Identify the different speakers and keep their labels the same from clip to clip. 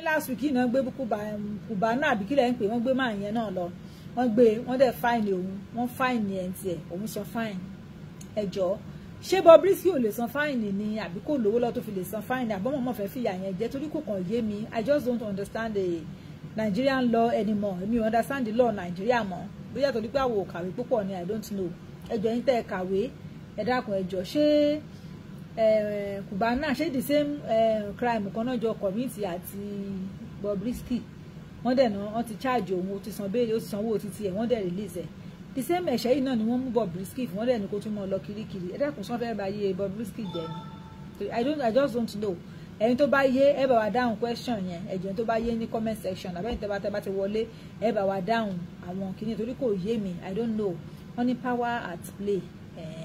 Speaker 1: last week náà gbé kùbá um, náà àbí kílẹ̀ ń pè wọ́n gbé máa yẹn náà lọ wọ́n gbé wọ́n dẹ̀ fáìnì òun wọ́n fáìnì ẹ̀ ń tiẹ̀ òun sọ fáìnì ẹ̀jọ́ ṣé Bobrisky ò lè san fáìnì ni àbí kò lówó lọ́tọ́ fi lè san fáìnì àbọ̀mọ̀ mọ̀ fẹ́ fìyà yẹn jẹ́ torí kò kàn yé mi I just don't understand the Nigerian law anymore èmi ò understand the law Nigeria mọ́ bóyá torí pé àwọn ò kàwé púpọ̀ ni I don't know ẹ̀jọ̀ yín tẹ́ ẹ kàwé ẹ dákun ẹ̀jọ̀ ṣé Eh, Cubana ṣé the same eh, crime kan náà jọ commit àti Bobrisky wọ́n dẹ̀ náà wọ́n ti charge òun ó ti san béèrè ó ti sanwó títí ẹ̀ wọ́n dẹ̀ release ẹ̀ the same ẹ̀ṣẹ̀ yìí náà ni wọ́n mú Bobrisky fún wọ́n dẹ̀ ní kó tún mọ́ ọ lọ kirikiri ẹ dẹ́kun sọ́n bá yé Bobrisky jẹ́ ni I don't I just don't know ẹni tó bá yé ẹ bá wa dáhùn question yẹn ẹ̀jẹ̀ tó bá yé ní comment section àbẹ́yìn tẹ́bá tẹ́bá ti wọlé ẹ bá wa dáhùn àwọn kìíní torí kò yé mi I don't know wọ́n ní power at play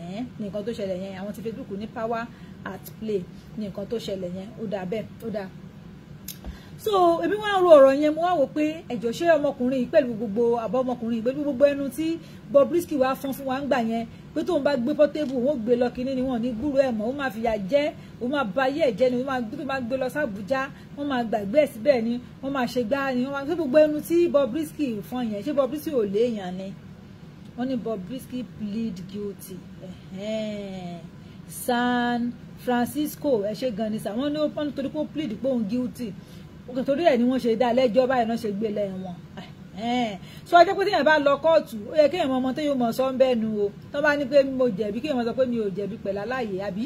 Speaker 1: ní nǹkan tó ṣẹlẹ̀ yẹn àwọn ti Facebook ní power at play ní nǹkan tó ṣẹlẹ̀ yẹn ó dáa bẹ́ẹ̀ ó dáa so èmi wá ń ro ọ̀rọ̀ yẹn mo wá wò pé ẹ̀jọ̀ ṣé ọmọkùnrin yìí pẹ̀lú gbogbo àbọ̀ ọmọkùnrin yìí pẹ̀lú gbogbo ẹnu tí Bobrisky wá fọ́n fún wa ń gbà yẹn pé tóun bá gbé pọ́tébù òun ó gbé lọ kínní ni wọ́n ní gbúrú ẹ̀ mọ́ ó máa fìyà jẹ ó máa ba ayé ẹ̀ jẹ́ ni ó máa gbé lọ sàbújá wọ́n máa gbàgbé ẹ̀ síbẹ̀ ni wọ́n máa ṣe gbá ni wọ́n máa gbé gbogbo ẹnu tí Bobrisky fọ́n yẹn ṣé Bobrisky ò léèyàn ni wọ́n ní Bobrisky plead guilty San Francisco ẹ ṣe gan ni sir wọ́n ní wọ́n torí pé ó plead pé òun guilty torí ẹ̀ ni wọ́n ṣe dá lẹ́jọ́ báyìí náà ṣe gbé lẹ́wọ̀n sọ ọjọ́ pé téèyàn bá lọ kóòtù ó yẹ kéèyàn mọ ọmọ téèyàn mọ̀ sọ ń bẹ́ẹ̀ nu o tó bá ní pé mo jẹ̀bi kéèyàn mọ̀ sọ pé mi ò jẹ̀bi pẹ̀lú aláyè àbí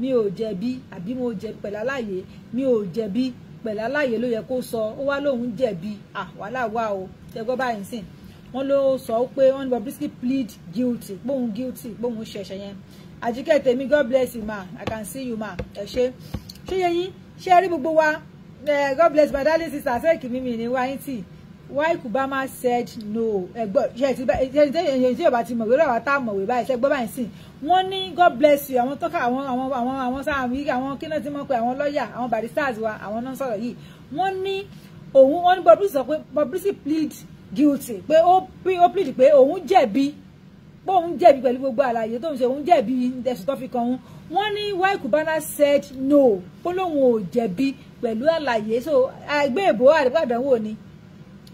Speaker 1: mi ò jẹ̀bi àbí mo jẹ̀bi pẹ̀lú aláyè mi ò jẹ̀bi pẹ̀lú aláyè ló yẹ kó sọ ó wá lóun jẹ̀bi àwàláwà o tẹ́gbọ́ báyìí sìn wọ́n ló sọ pé wọ́n ní Bobrisky plead guilty gbóhùn guilty gbóhùn ṣẹ̀ṣẹ̀ yẹn àjíkẹ́ tèmi God bless you ma I can see you ma ẹ ṣe ṣé yẹ yín ṣé rí gbogbo wa God bless my darling sister ṣé kìíní mi ní wáyé tì why Kubama said no ẹgbọ́n ṣe ti ṣe ti ọba ti mọ̀wé lọ́wọ́ tá a mọ̀wé báyìí ṣe gbọ́ báyìí sìn wọ́n ní God bless you àwọn tọ́ka àwọn àwọn àwọn àwọn sáà wí àwọn kí náà ti mọ̀ pé àwọn lọ́ọ̀yà àwọn barristers wa àwọn náà sọ̀rọ̀ yìí wọ́n ní òun wọ́n ní Bobrisky sọ pé guilty pé ó plead pé òun jẹ̀bi pé òun jẹ̀bi pẹ̀lú gbogbo àlàyé tó ń ṣe òun jẹ̀bi ẹ̀sùn tó fi kan òun wọ́n ní why Cubana said no pé lóun ò jẹ̀bi pẹ̀lú àlàyé so ẹgbẹ́ ìbò àdánwò ni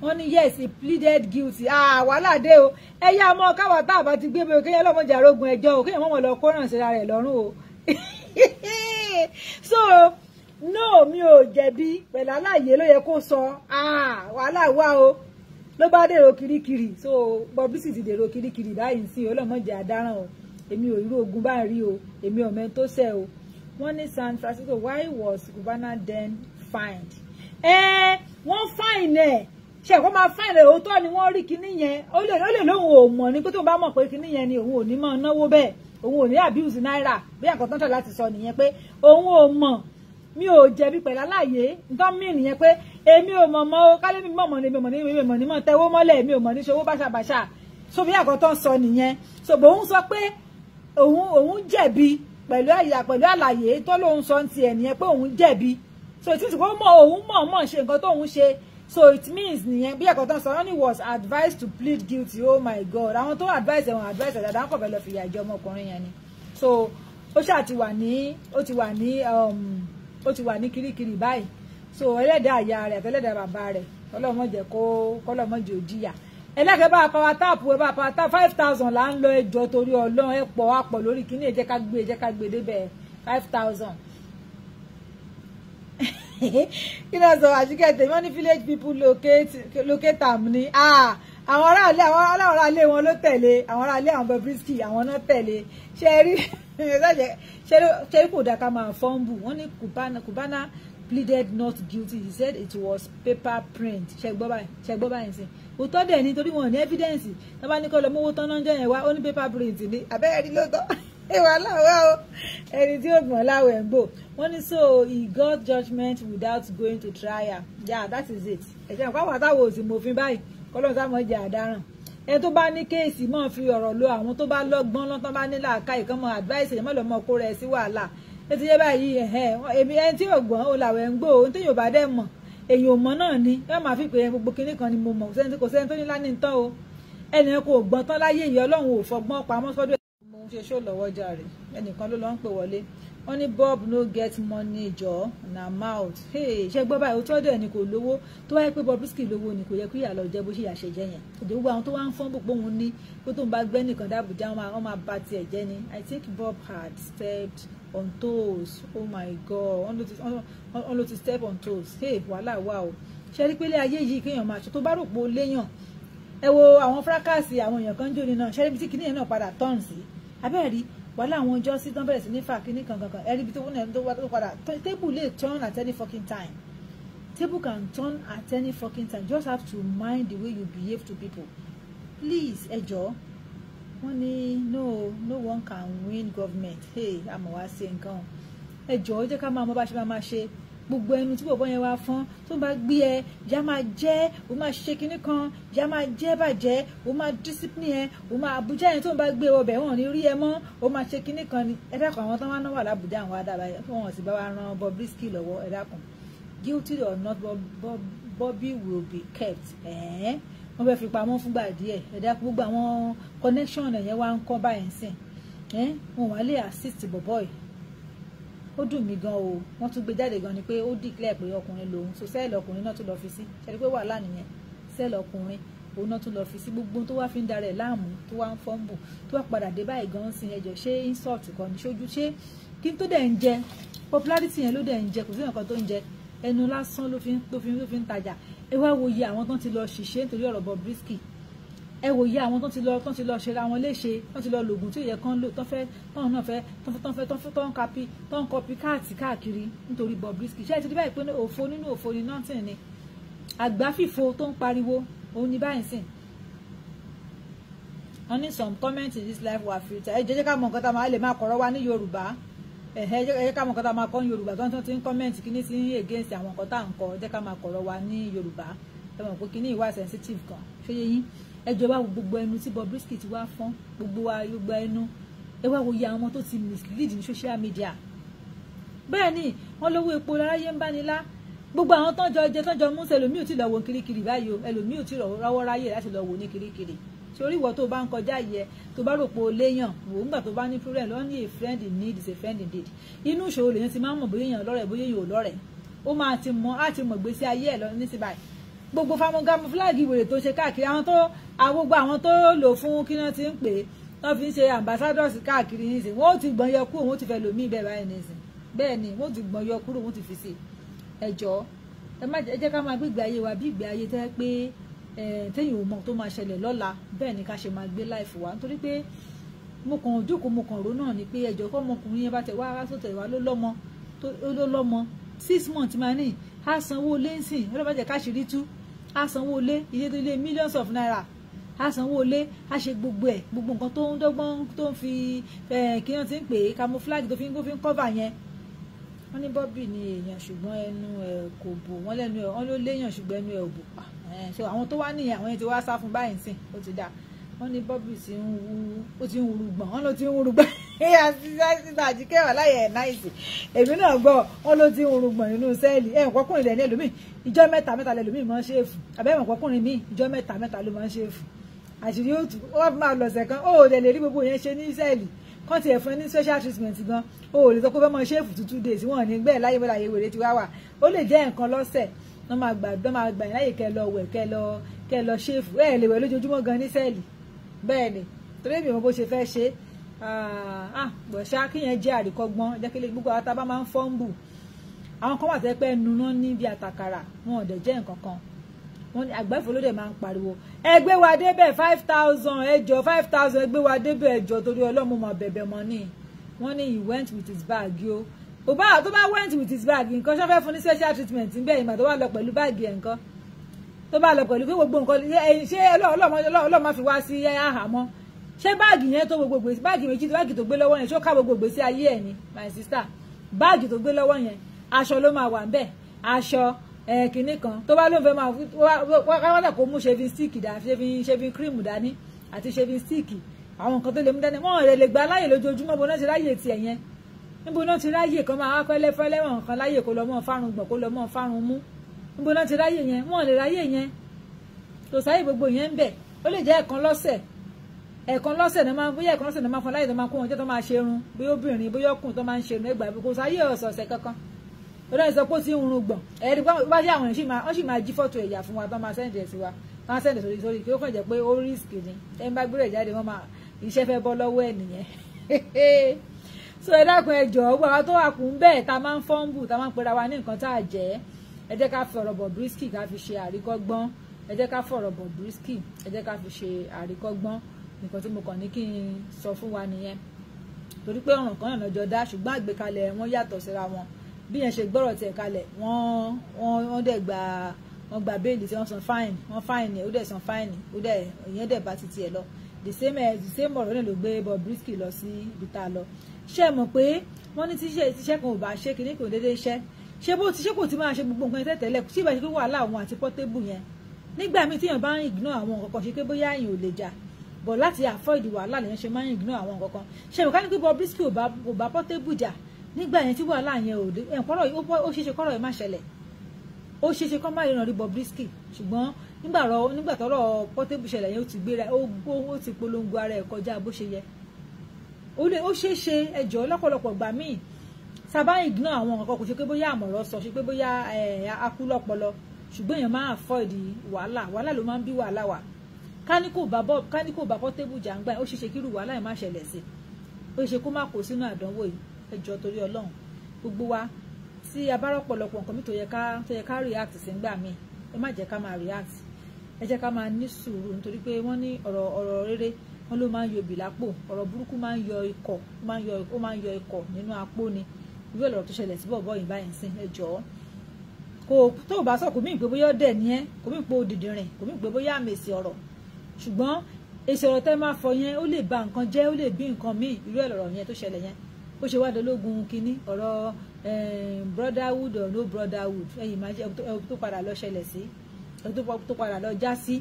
Speaker 1: wọ́n ní yes he pleaded guilty wàhálà dé o ẹ̀yà ọmọ káwa tá a bá ti gbé bẹ́ẹ̀ kéèyàn lọ́mọdé àrógun ẹjọ́ o kéèyàn mọ̀mọ́ lọ kóràn síra rẹ̀ lọ́rùn o so no mi ò jẹ̀bi pẹ̀lú àlàyé ló yẹ kó sọ wàhálà wà o ló bá dèrò kirikiri so publicity dèrò kirikiri báyìí ń sìn ọlọ́mọdé àdáràn o èmi ò irú ogun bá rí o èmi ò mẹ́ni tó ṣẹ̀ o wọ́n ní San Francisco why was Gubana then fined? ẹ wọ́n fine ẹ̀ ṣe kó máa fine ẹ̀ òótọ́ ni wọ́n rí kinní yẹn ó lè lóun ò mọ̀ ní pé tó bá mọ̀ pé kinní yẹn ni òun ò ní máa náwó bẹ́ẹ̀ òun ò ní abuse náírà bí àkọ́tọ́ntà láti sọ nìyẹn pé òun ò mọ̀ mi ò jẹ̀bi pẹ̀lú aláàyè nǹkan mí nìyẹn pé èmi ò mọ̀ mọ́ kálí mi mọ̀ mọ̀ mi mọ̀ ni mi mọ̀ ni mọ̀ tẹ́wọ́ mọ́lẹ̀ mi ò mọ̀ ní ṣòwò báṣabàṣà so bí àkọ́tọ́ sọ nìyẹn so bòun sọ pé òun òun jẹ̀bi pẹ̀lú àyà pẹ̀lú àlàyé tó lóun sọ ti ẹ̀ nìyẹn pé òun jẹ̀bi so it means kó mọ̀ òun mọ̀ mọ̀ ṣe nǹkan tóun ṣe so it means nìyẹn bí àkọ́tọ́ sọ ọ́nì was advised to plead guilty oh my god àwọn tó advice ẹ̀wọ̀n advice ẹ̀dá dáńkọ̀ bẹ́ẹ̀ lọ fìyà jẹ ọmọkùnrin yẹn ni so ó ṣáà ti wà ní ó ti wà ní um, ó ti wà ní kirikiri báyìí so ẹlẹ́dàá àyà rẹ̀ àtẹlẹ́dàá bàbá rẹ̀ kọlọ́mọ̀jẹ̀ kó kọlọ́mọ̀jẹ̀ ò jìyà ẹlẹ́kẹ̀ẹ́ bá apá táàpù ẹ bá apá táàpù five thousand là ń lọ ẹjọ́ torí ọlọ́run ẹ pọ̀ á pọ̀ lórí kíní ẹ jẹ́ ká gbé ẹ jẹ́ ká gbé débẹ̀ five thousand kí ló sọ àṣìkẹ́ tèmi wọ́n ní village people locate locate am ni ah, àwọn aráàlú àwọn aráàlú wọn ló tẹ̀lé àwọn aráàlú àwọn Bobrisky àwọn náà tẹ̀lé ṣe rí. ṣé kò dáa ká máa fọ́ǹbù wọ́n ní Cubana pleaded not guilty he said it was paper print ṣẹgbọ́ báyìí ṣẹgbọ́ báyìí sí òótọ́ dẹ̀ ni torí wọn ní evidence tó bá ní kọ́ lọ mówó tán lọ́jọ́ yẹn wá ó ní paper print ni abẹ́rẹ́ ni lóòótọ́ ìwà láwẹ̀ o ẹni tí ó gbọ̀n láwẹ̀ ń gbò wọ́n ní so he got judgement without going to trial yeah that is it ẹ̀jẹ̀ nǹkan àwọn àtàwọn òsì mòfin báyìí kọ́lọ́ọ̀tà mọ̀ jẹ́ àdáràn ẹni tó bá ní kéèsì máa fi ọ̀rọ̀ lo àwọn tó bá lọ́gbọ́n lọ́tọ́ bá ní làákàyè kan mọ advice èèyàn mọ̀lọ́ mọ́ kó rẹ̀ sí wàhálà ètò yẹn báyìí ẹ̀hẹ́ èmi ẹni tí yóò gbọ́n olàwẹ̀ ń gbò ohun tí yóò bá dẹ̀ mọ̀ èyàn ò mọ̀ náà ni yóò máa fi pè é gbogbo kinní kan ni mo mọ̀ sẹ́ni kò sẹ́ni tó ní lánìí tán o ẹnì kò gbọ́n tán láyé ìyá ọlọ́run ò fọgbọ́n wọ́n ní bob no get money jọ na mouth ṣe gbọ́ báyìí òótọ́ dẹ̀ ni kò lówó tó wáyé pé Bobrisky lówó ni kò yẹ kó ìyàlọ́ jẹ́ bó ṣe yàṣẹ jẹ́ yẹn ìdòwú àwọn tó wá ń fọ́n bò póun ní kó tó ń bá gbẹ́ nìkan dábùjá wọn máa bá tiẹ̀ jẹ́ ni I think Bob had stepped on toes oh my God wọ́n ló ti step on toes wàhálà wà o ṣe rí pé ilé ayé yìí kéèyàn máa ṣe tó bá rò pé ó léèyàn ẹ wo àwọn fracas àwọn èèyàn kan jóni náà ṣe rí bí tí kìnìyàn náà padà tọ́ọ̀n sí abẹ́rẹ́ wàhálà àwọn ọjọ́ sí tán bẹ̀rẹ̀ sí ní fà kínní kan kankan ẹ̀rí ibi tó wọ́n tó wá tó padà table lè turn at any fucking time table can turn at any fucking time just have to mind the way you behave to people please ẹ jọ̀ọ́ wọ́n ní no no one can win government hey àmọ̀ wá sí nǹkan ẹ jọ̀ọ́ jẹ́ ká máa mọ bá ṣe máa máa ṣe gbogbo ẹnu tí bọ̀bọ̀ yẹn wá fún tó bá gbé ẹ ìyá máa jẹ́ ó máa ṣe kinní kan ìyá máa jẹ́ bàjẹ́ ó máa discipline ẹ ó máa àbújá yẹn tó bá gbé ọbẹ̀ wọn ní rí ẹ mọ́ ó máa ṣe kinní kan ni ẹ àwọn tó wá náwó àlàbùjá àwọn adàbà yẹn fún wọn sì bá wa ran Bobrisky lọ́wọ́ ẹ guilty or not Bobby will be kept wọ́n fẹ́ fi pamọ́ fúngbà díẹ̀ ẹ dákun gbogbo àwọn connection ẹ̀yẹn wá ń kọ́ báyìí sìn wọn wà lè assist bọ̀bọ̀ yìí ó dùn mí gan o wọ́n tún gbé jáde gan ni pé ó declare pé ọkùnrin lòun so sẹ́ẹ̀lì ọkùnrin náà tún lọ fi sí ṣẹ́ni pé wàhálà nìyẹn sẹ́ẹ̀lì ọkùnrin òun náà tún lọ fi sí gbogbo tó wá fi ń darẹ̀ láàmú tó wá ń fọ́nbù tó wá padà dé báyìí gan sin ẹjọ́ ṣé insult kan ní ṣojú ṣé kí n tó dẹ̀ ń jẹ popularity yẹn ló dẹ̀ ń jẹ kò sí nǹkan tó ń jẹ ẹnu lásán ló fi ń tajà ẹ wá wo iye àwọn tó ti lọ ṣìṣe nítorí ọ̀rọ̀ Bobrisky ẹ wò yí àwọn tó ti lọ tó ti lọ ṣera wọn léṣe tó ti lọ lògùn tí ìyẹn kan lò tó fẹ́ tọ́hún náà fẹ́ tó fẹ́ tó fẹ́ tó fẹ́ tó ń kapi tó ń kọpi káàtì káàkiri nítorí Bobrisky ṣé ẹ ti rí báyìí pé òfo nínú òfo ni nothing ni àgbáfìfo tó ń pariwo òun ni báyìí sìn wọ́n ní some comments in this life were filtered ẹ jẹ́ ká mọ̀ nǹkan tá a máa lè máa kọ̀rọ̀ wa ní yorùbá ẹ jẹ́ ká mọ̀ nǹkan tá a máa kọ́ ní yorùbá tí wọ́n ti ń comment kíní sí against àwọn nǹkan tá à ń kọ́ jẹ́ ká máa kọ̀rọ̀ wa ní yorùbá ẹ mọ̀ pé kíní ìwà sensitive kan ṣé yé yín ẹjọ́ wá wo gbogbo ẹnu tí Bobrisky ti wá fọ́n gbogbo wa gbogbo ẹnu ẹ wá wo iye àwọn tó ti mislead ní social media bẹ́ẹ̀ ni wọ́n lówó epo láráyé ń bá ni lá gbogbo àwọn tán jọ jẹ tán jọ mú ẹlòmíì ò tí lọ wo kirikiri báyìí o ẹlòmíì ò tí rọwọ́ ráyè láti lọ wo ní kirikiri sórí ìwọ tó bá ń kọjá yẹ tó bá rò pé o léèyàn wò ń gbà tó bá ní problem lọ ní a friend in need is a friend indeed inú ìṣòro lèyàn ti máa ń mọ̀ bóyá èèyàn lọ́rẹ̀ bóyá èèyàn ò lọ́rẹ̀ ó máa ti mọ̀ á ti mọ̀ gbèsè ayé ẹ̀ lọ ní ti gbogbo famogamu fúláàgì ìwèrè tó ṣe káàkiri àwọn tó agbogbo àwọn tó lò fún kí wọ́n ti ń pè é wọ́n fi ń ṣe ambassadors káàkiri nísìn wọ́n ó ti gbọ̀n yọ kúrò wọ́n ó ti fẹ́ lòmíì bẹ́ẹ̀ báyìí nísìn bẹ́ẹ̀ ni wọ́n ó ti gbọ̀n yọ kúrò wọ́n ó ti fi ṣe ẹ̀jọ́ ẹ má jẹ́ ká máa gbégbé ayé wa bí ìgbé ayé tẹ́ pé téèyàn ò mọ̀ tó máa ṣẹlẹ̀ lọ́la bẹ́ẹ̀ ni ká ṣe máa gbé láìfò wa nítorí pé mo kàn jókòó mo kàn rò ni pé ẹ̀jọ̀ kọ́ ọmọkùnrin yẹn bá tẹ̀ wá ara tó ló lọ́mọ á sanwó lé nsìn ọlọ́bàjẹ́ káṣírí tú á sanwó lé iye tó lé millions of naira á sanwó lé á ṣe gbogbo ẹ̀ gbogbo nǹkan tó ń dọ́gbọ́n tó ń fi kí wọ́n ti ń pè é camouflage tó fi ń kó fi ń cover yẹn wọ́n ní bọ́bì ni èèyàn ṣùgbọ́n ẹnu ẹ̀ kò bò wọ́n lẹ́nu ẹ̀ wọ́n ló léèyàn ṣùgbọ́n ẹnu ẹ̀ ò bò pa ah, so àwọn tó wá nìyẹn àwọn yẹn ti wá sá fún báyìí sìn ó ti dáa wọ́n ní bọ́bí ti ń wú ó ti ń wúru gbọ̀n wọ́n ló ti ń wúru gbọ̀n ẹ̀yà sísá àjíkẹ́ wà láyé ẹ̀ náìsì èmi náà gbọ́ wọ́n ló ti ń wúru gbọ̀n nínú sẹ́ẹ̀lì ẹ̀ ọ̀pọ̀kùnrin rẹ̀ ní ẹlòmíì ìjọ́ mẹ́ta mẹ́ta lẹ́lòmíì máa ń ṣe èfù àbẹ́wọ̀n ọ̀pọ̀kùnrin míì ìjọ́ mẹ́ta mẹ́ta ló máa ń ṣe èfù àṣírí ó tú wọ́n máa lọ̀sẹ̀ kan ó dẹ̀ lè rí gbogbo yẹn ṣe ní sẹ́ẹ̀lì kán tiẹ̀ fún ẹ ní special treatment gan ó lè sọ pé fẹ́ mọ ṣe èfù two days wọn ní gbẹ́ẹ̀ láyé bọ́lá ayé wèrè ti wá wà ó lè jẹ́ nǹkan lọ́sẹ̀ wọ́n máa gbà yín láyè kẹ́ lọ wẹ̀ kẹ́ lọ ṣe èfù ẹ̀ lè wẹ̀ lójoojúmọ́ gan ní sẹ́ẹ̀lì bẹ́ẹ̀ ni torí mi ò mọ bó ṣe fẹ́ ṣe ah, ah, bọ̀ ṣá kíyẹn jẹ́ àríkọ́gbọ́n jẹ́ kí lè gbogbo àwọn tábà máa ń fọ́ǹbù àwọn kan wà tẹ́ pẹ́ nuná ní bí àtàkàrà wọn ò dẹ̀ jẹ́ nǹkan kan wọn ni àgbẹ̀fọ́ ló dẹ̀ máa ń pariwo ẹgbẹ́ wa débẹ̀ five thousand ẹjọ́ five thousand ẹgbẹ́ wa débẹ̀ ẹjọ́ torí ọlọ́mọ mọ̀ bẹ̀bẹ̀ mọ́ ni wọ́n ní he went with his bag yo òbá tó bá went with his bag nǹkan ṣọ́fẹ́ fún ní special treatment ń bẹ́ẹ̀ ìmọ̀ tó wà lọ pẹ̀lú báàgì ẹ̀ nǹkan tó bá lọ pẹ̀lú pé gbogbo nǹkan ṣé ọlọ́mọ fi wá sí àhámọ́ ṣé báàgì yẹn tó gbogbo gbèsè báàgì méjì báàgì tó gbé lọ́wọ́ yẹn ṣó ká gbogbo gbèsè ayé ẹ̀ ni my sister báàgì tó gbé lọ́wọ́ yẹn aṣọ ló máa wà ń bẹ̀ aṣọ kìnní kan tó bá ló ń fẹ́ máa wọ́n kò mú shaving stick dání shaving shaving cream dání àti shaving stick àwọn nǹkan tó lè mú dání wọ́n rẹ̀ lè gba láyè lójoojúmọ́ bó náà ti ráyè tiẹ̀ yẹn níbo náà ti ráyè kan máa wá fẹ́lẹ́fẹ́lẹ́ wọn kan láyè kó lọ mọ́ fárun gbọ̀n kó lọ mọ́ fárun mú níbo náà ti ráyè yẹn wọn lè ráyè yẹn kò sáyè gbogbo yẹn ń bẹ ó lè jẹ́ ẹ̀kan lọ́sẹ̀ ẹ̀kan lọ́sẹ̀ ni máa bóyá ẹ̀kan lọ́sẹ̀ ni máa fún láyè tó máa kó wọn jẹ́ tó máa ṣe irun bóyá obìnrin bóyá ọkùnrin tó máa ń ṣe irun ẹgbàá kò sáyè ọ̀sọ̀ọ̀sẹ̀ kankan ó lọ́ọ́ sọ pé ó ti ń run gbọ̀n ẹ̀rí bá yà wọ́n sì máa jí fọ́tò ẹ̀yà fún wa bá máa sẹ́ǹdì ẹ̀ sí wa bá máa sẹ́ǹdì sórí sórí kí ó kàn jẹ́ pé ó rísìkì ni ẹ̀ ń bá gbúrẹ̀ jáde wọ́n máa iṣẹ́ fẹ́ bọ́ lọ́wọ́ ẹ̀ nìyẹn so ẹ dákun ẹ jọ̀ọ́ gbọ́ àwọn tó wà kún bẹ́ẹ̀ ta máa ń fọ́ǹbù ta máa ń pera wa ní nǹkan tá a jẹ́ ẹ jẹ́ ká fi ọ̀rọ̀ Bobrisky ká fi ṣe àríkọ́gbọ́n ẹ jẹ́ ká fọ̀rọ̀ Bobrisky ẹ jẹ́ ká fi ṣe àríkọ́gbọ́n nǹkan tí mo kàn ní kí n sọ fún wa nìyẹn torí pé ọ̀ràn kan ìrànjọ dá ṣùgbọ́n àgbékalẹ̀ wọn yàtọ̀ síra wọn bí yẹn ṣe gbọ́rọ̀ tiẹ̀ kalẹ̀ wọ́n wọ́n dẹ̀ gba wọ́n gba béèlì tí wọ́n san fáìnì wọ́n fáìnì ó dẹ̀ san fáìnì ó dẹ̀ ìyẹn dẹ̀ bá ti tiẹ̀ lọ the same eh, the same ọ̀rọ̀ náà ló gbé Bobrisky lọ sí ibi tá a lọ ṣé ẹ mọ̀ pé wọ́n ní tíṣẹ́ tíṣẹ́ kan ò bá ṣe kínní kò déédéé ṣẹ́ ṣé bó ti ṣé kò ti máa ṣe gbogbo nǹkan yẹn tẹ́tẹ́lẹ̀ tí ìbáṣe pé wàhálà òun àti pọ́tébù yẹn nígbà míì tíyàn bá ń ignore àwọn nǹkan kan ṣe pé bóyá èèyàn ò lè jà bọ̀ láti avoid wàhálà lèyàn ṣe máa ń ignore àwọn nǹkan kan ṣe mọ̀ ká ní pé Bobrisky ò bá pọ́tébù jà nígbà yẹn tí wàhálà yẹn ò dé ẹ̀kọ́rọ̀ ó ṣeéṣe kọ́rọ̀ yẹn má ṣẹlẹ̀ ó ṣeéṣe kọ́ má lè ràn rí Bobrisky ṣùgbọ́n nígbà tọ́rọ̀ pọ́tébù ṣẹlẹ̀ yẹn ó ti gbéra ó ti polongo ara ẹ̀ kọjá bó ṣe yẹ ó ṣeéṣe ẹjọ́ lọ́pọ̀lọpọ̀ gbà míì tá a bá ignore àwọn nǹkan kò ṣe pé bóyá àmọ̀rọ̀ sọ ṣe pé bóyá akú lọ́pọlọ ṣùgbọ́n èèyàn máa avoid wàhálà wàhálà ló máa ń bí wàhálà wà káníkò bàbọ̀ káníkò tébù jàǹgbà ó ṣe ṣe kírù wàhálà yìí má ṣẹlẹ̀ sí ó ṣe kó má kó sínú àdánwò yìí ẹjọ́ torí ọlọ́run gbogbo wa tí a bá rọ̀pọ̀lọpọ̀ nǹkan mi tó yẹ ká tó yẹ ká react sí ń gbà mí ẹ má jẹ́ ká máa react ẹ jẹ́ ká máa ní sùúrù nítorí pé wọ́n ní ọ̀rọ̀ ọ̀rọ̀ rere wọ́n ló máa ń yọ ibì lápò ọ̀rọ̀ burúkú máa ń yọ ikọ̀ ó máa ń yọ ikọ̀ nínú apó ni irú ọ̀rọ̀ tó ṣẹlẹ̀ sí bọ̀bọ̀ yìí báyìí sìn ẹ jọ̀ọ́ kò tó o bá sọ kò mí pé bóyá ọdẹ ni ẹ kò mí pé òdìdì rìn kò mí pé bóyá àmèsì ọ̀rọ̀ ṣùgbọ́n èsì ọ̀rọ̀ tẹ́ máa fọ yẹn ó lè ba nǹkan jẹ́ ó lè bí nǹkan míì irú ẹ̀ lọ̀rọ̀ yẹn tó ṣẹlẹ̀ yẹn ó ṣe wá dológun kínní ọ̀rọ̀ eh, brotherhood or no brotherhood ẹ̀yìn máa jẹ́ ẹ̀ tó padà lọ ṣẹlẹ̀ sí ẹ̀ tó padà lọ já sí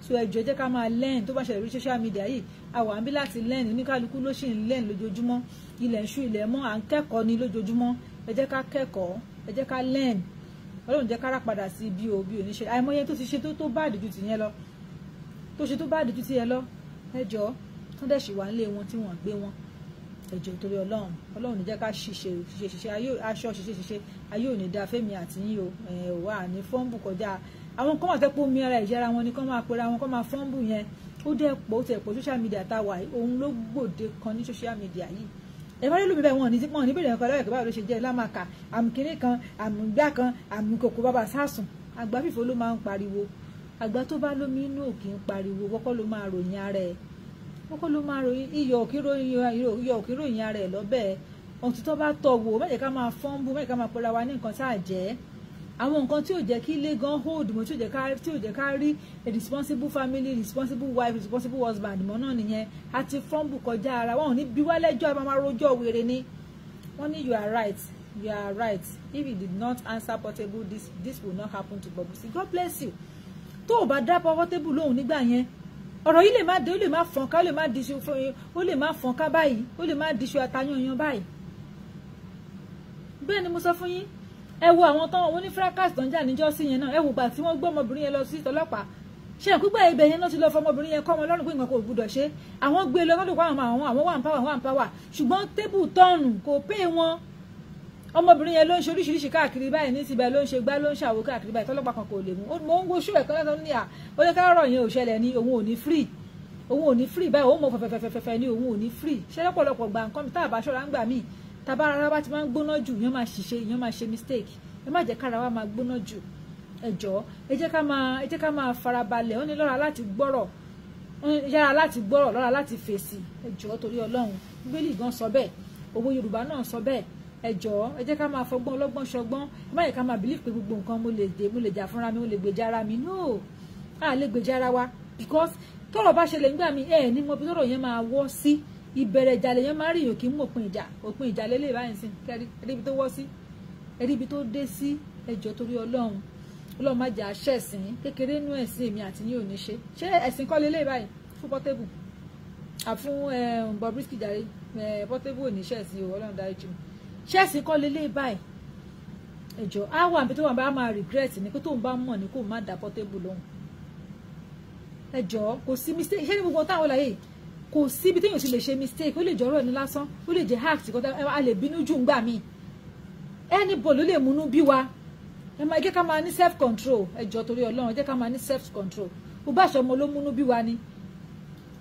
Speaker 1: so ẹjọ jẹ́ ká máa learn tó bá ṣẹlẹ̀ lórí social media yìí àwa ń láti learn oníkálukú ló ṣì ń learn lójoojúmọ́ ilẹ̀ ń ṣú ilẹ̀ mọ́ à ń kẹ́kọ̀ọ́ ni lójoojúmọ́ ẹ jẹ́ ká kẹ́kọ̀ọ́ ẹ jẹ́ ká learn ọlọ́run jẹ́ kára padà sí bí o bí o ní ṣe àìmọye tó ti ṣe tó tó bá àdìjú ti yẹn lọ tó ṣe tó bá àdìjú ti yẹn lọ ẹjọ́ tó dẹ̀ ṣì wà nílé wọn tí wọ́n gbé wọn ẹjọ́ torí ọlọ́run ọlọ́run ní jẹ́ ká ṣiṣẹ́ ṣiṣẹ́ ṣiṣẹ́ aṣọ ṣiṣẹ́ ṣiṣẹ́ ayé òní da fẹ́mi àtìyìn o wà ní fọ́ǹbù kọjá àwọn kan wà tẹ́ pé omi ara ìyára wọn ni kán máa pera wọn kán máa fọ́nbù yẹn ó dẹ́ pọ̀ ó tẹ̀ pọ̀ social media tá a wà òun ló gbòde kan ní social media yìí ẹ̀fọ́ nílùú bíbẹ̀ wọn ní wọn ní bẹ̀rẹ̀ nǹkan lọ́yẹ̀kẹ́ báwo ló ṣe jẹ́ lámàkà àmì kínní kan àmì gbá kan àmì kòkó bàbá sásùn àgbà fìfò ló máa ń pariwo àgbà tó bá lómi inú òkè ń pariwo kọ́kọ́ ló máa ròyìn ara ẹ̀ kọ́kọ́ ló máa ròyìn iyọ̀ òkè ròyìn ara ẹ̀ lọ́bẹ̀ ọ̀tútọ́ bá tọ̀ wò máa fọ́nbù mẹ́jẹ̀ máa pera wa ní nǹkan tá jẹ́ àwọn nǹkan tí ò jẹ́ kí ilé hold mọ́ tí ò jẹ́ ká tí ò jẹ́ ká rí a responsible family responsible wife responsible husband mọ́ náà nìyẹn a ti fumble kọjá ara wọn ò ní bí wá lẹ́jọ́ ẹ rojọ́ wèrè ni wọ́n ní you are right you are right if you did not answer Portable this this will not happen to Bobrisky God bless you tó o bá dá Portable lóhùn nígbà yẹn ọ̀rọ̀ yìí lè má dé ó lè má fọ́n ká ó lè má diṣu ó lè má fọ́n ká báyìí ó lè má diṣu atayanyan báyìí bẹ́ẹ̀ ni mo sọ fún yín ẹ wo àwọn tán wọn ní fracas tó ń jà níjọ́ sí yẹn náà ẹ wò gbà tí wọ́n gbé ọmọbìnrin yẹn lọ sí ọlọ́pàá ṣe ìpínpẹ̀ ibẹ̀ yẹn náà ti lọ fọmọbìnrin yẹn kọ́ ọmọ lọ́rùn pé nǹkan kò gbúdọ̀ ṣe àwọn gbé e lọ lọ́dún pàwọn àwọn àwọn wà ń pàwọ̀ wà ń pàwọ̀ ṣùgbọ́n tébù tọ́ọ̀nù kò pé wọn ọmọbìnrin yẹn ló ń ṣe oríṣiríṣi káàkiri báyìí ní tibẹ̀ ló ń ṣe gbá ló ń ṣàwó káàkiri báyìí tọ́lọ́pàá kan kò lè mú mo ń woṣù ẹ̀kọ́ lẹ́tọ́ ní à ó yẹ káàrọ̀ yẹn ò ṣẹlẹ̀ ní òun ò ní free òun ò ní free báyìí òun mọ̀ fẹ̀fẹ̀fẹ̀fẹ̀ ní òun ò ní free ṣẹlẹ́pọ̀lọpọ̀ gbà nǹkan mi tá àbáṣọ́ra ń gbà míì tàbá ara wa ti máa ń gbóná jù èèyàn máa ṣìṣe èèyàn máa ṣe mistake ẹ má jẹ́ kára wa máa gbóná jù ẹ jọ̀ọ́ ẹ jẹ́ ká máa ẹ jẹ́ ká máa farabalẹ̀ ó ní lọ́ra láti gbọ́rọ̀ yára láti gbọ́rọ̀ lọ́ra láti fèsì ẹ jọ̀ọ́ torí ọlọ́run bíbélì gan sọ bẹ́ẹ̀ òwe yorùbá náà sọ bẹ́ẹ̀ ẹ jọ̀ọ́ ẹ jẹ́ ká máa fọgbọ́n ọlọ́gbọ́n ṣọgbọ́n ẹ má yẹ ká máa bìlíf pé gbogbo nǹkan mo lè dé mo lè jà fúnra mi mo lè gbèjà ara mi no a lè gbèjà ara wa because tọ́rọ̀ bá ṣẹlẹ̀ nígbà mi ẹ ní mo bí tọ́rọ̀ yẹn máa wọ́ sí ìbẹ̀rẹ̀ ìjà lèèyàn máa ń rí èèyàn kì í mú òpin ìjà òpin ìjà lélẹ̀ báyìí sí ẹrí ibi tó wọ́ sí ẹrí ibi tó dé sí ẹjọ́ torí ọlọ́run ọlọ́run má jẹ́ àṣẹ ẹ̀sìn kékeré nú ẹ̀sìn èmi àti ní òní ṣe ṣé ẹ̀sìn kọ́ lélẹ̀ báyìí fún pọ́tébù àfún Bobrisky jàre pọ́tébù ò ní ṣe ẹ̀sìn ìwọ ọlọ́run dáríjì mi ṣé ẹ̀sìn kọ́ lélẹ̀ báyìí ẹjọ́ á wà níbi tó wà bá máa regret ni kó tóun bá mọ̀ ni kó má dá pọ́tébù lóhùn ẹjọ́ kò sí mistake ṣé ní gbogbo táwọn láyé kò síbi téèyàn ti lè ṣe mistake ó lè jọ̀rọ̀ ẹni lásán ó lè jẹ́ act kọ́tà a lè bínú jù ńgbà míì anybody ló lè múnú bí wa ẹ máa jẹ́ ká máa ní self control ẹ jọ̀ọ́ torí ọlọ́run jẹ́ ká máa ní self control bó bá ṣọmọ ló múnú bí wa ni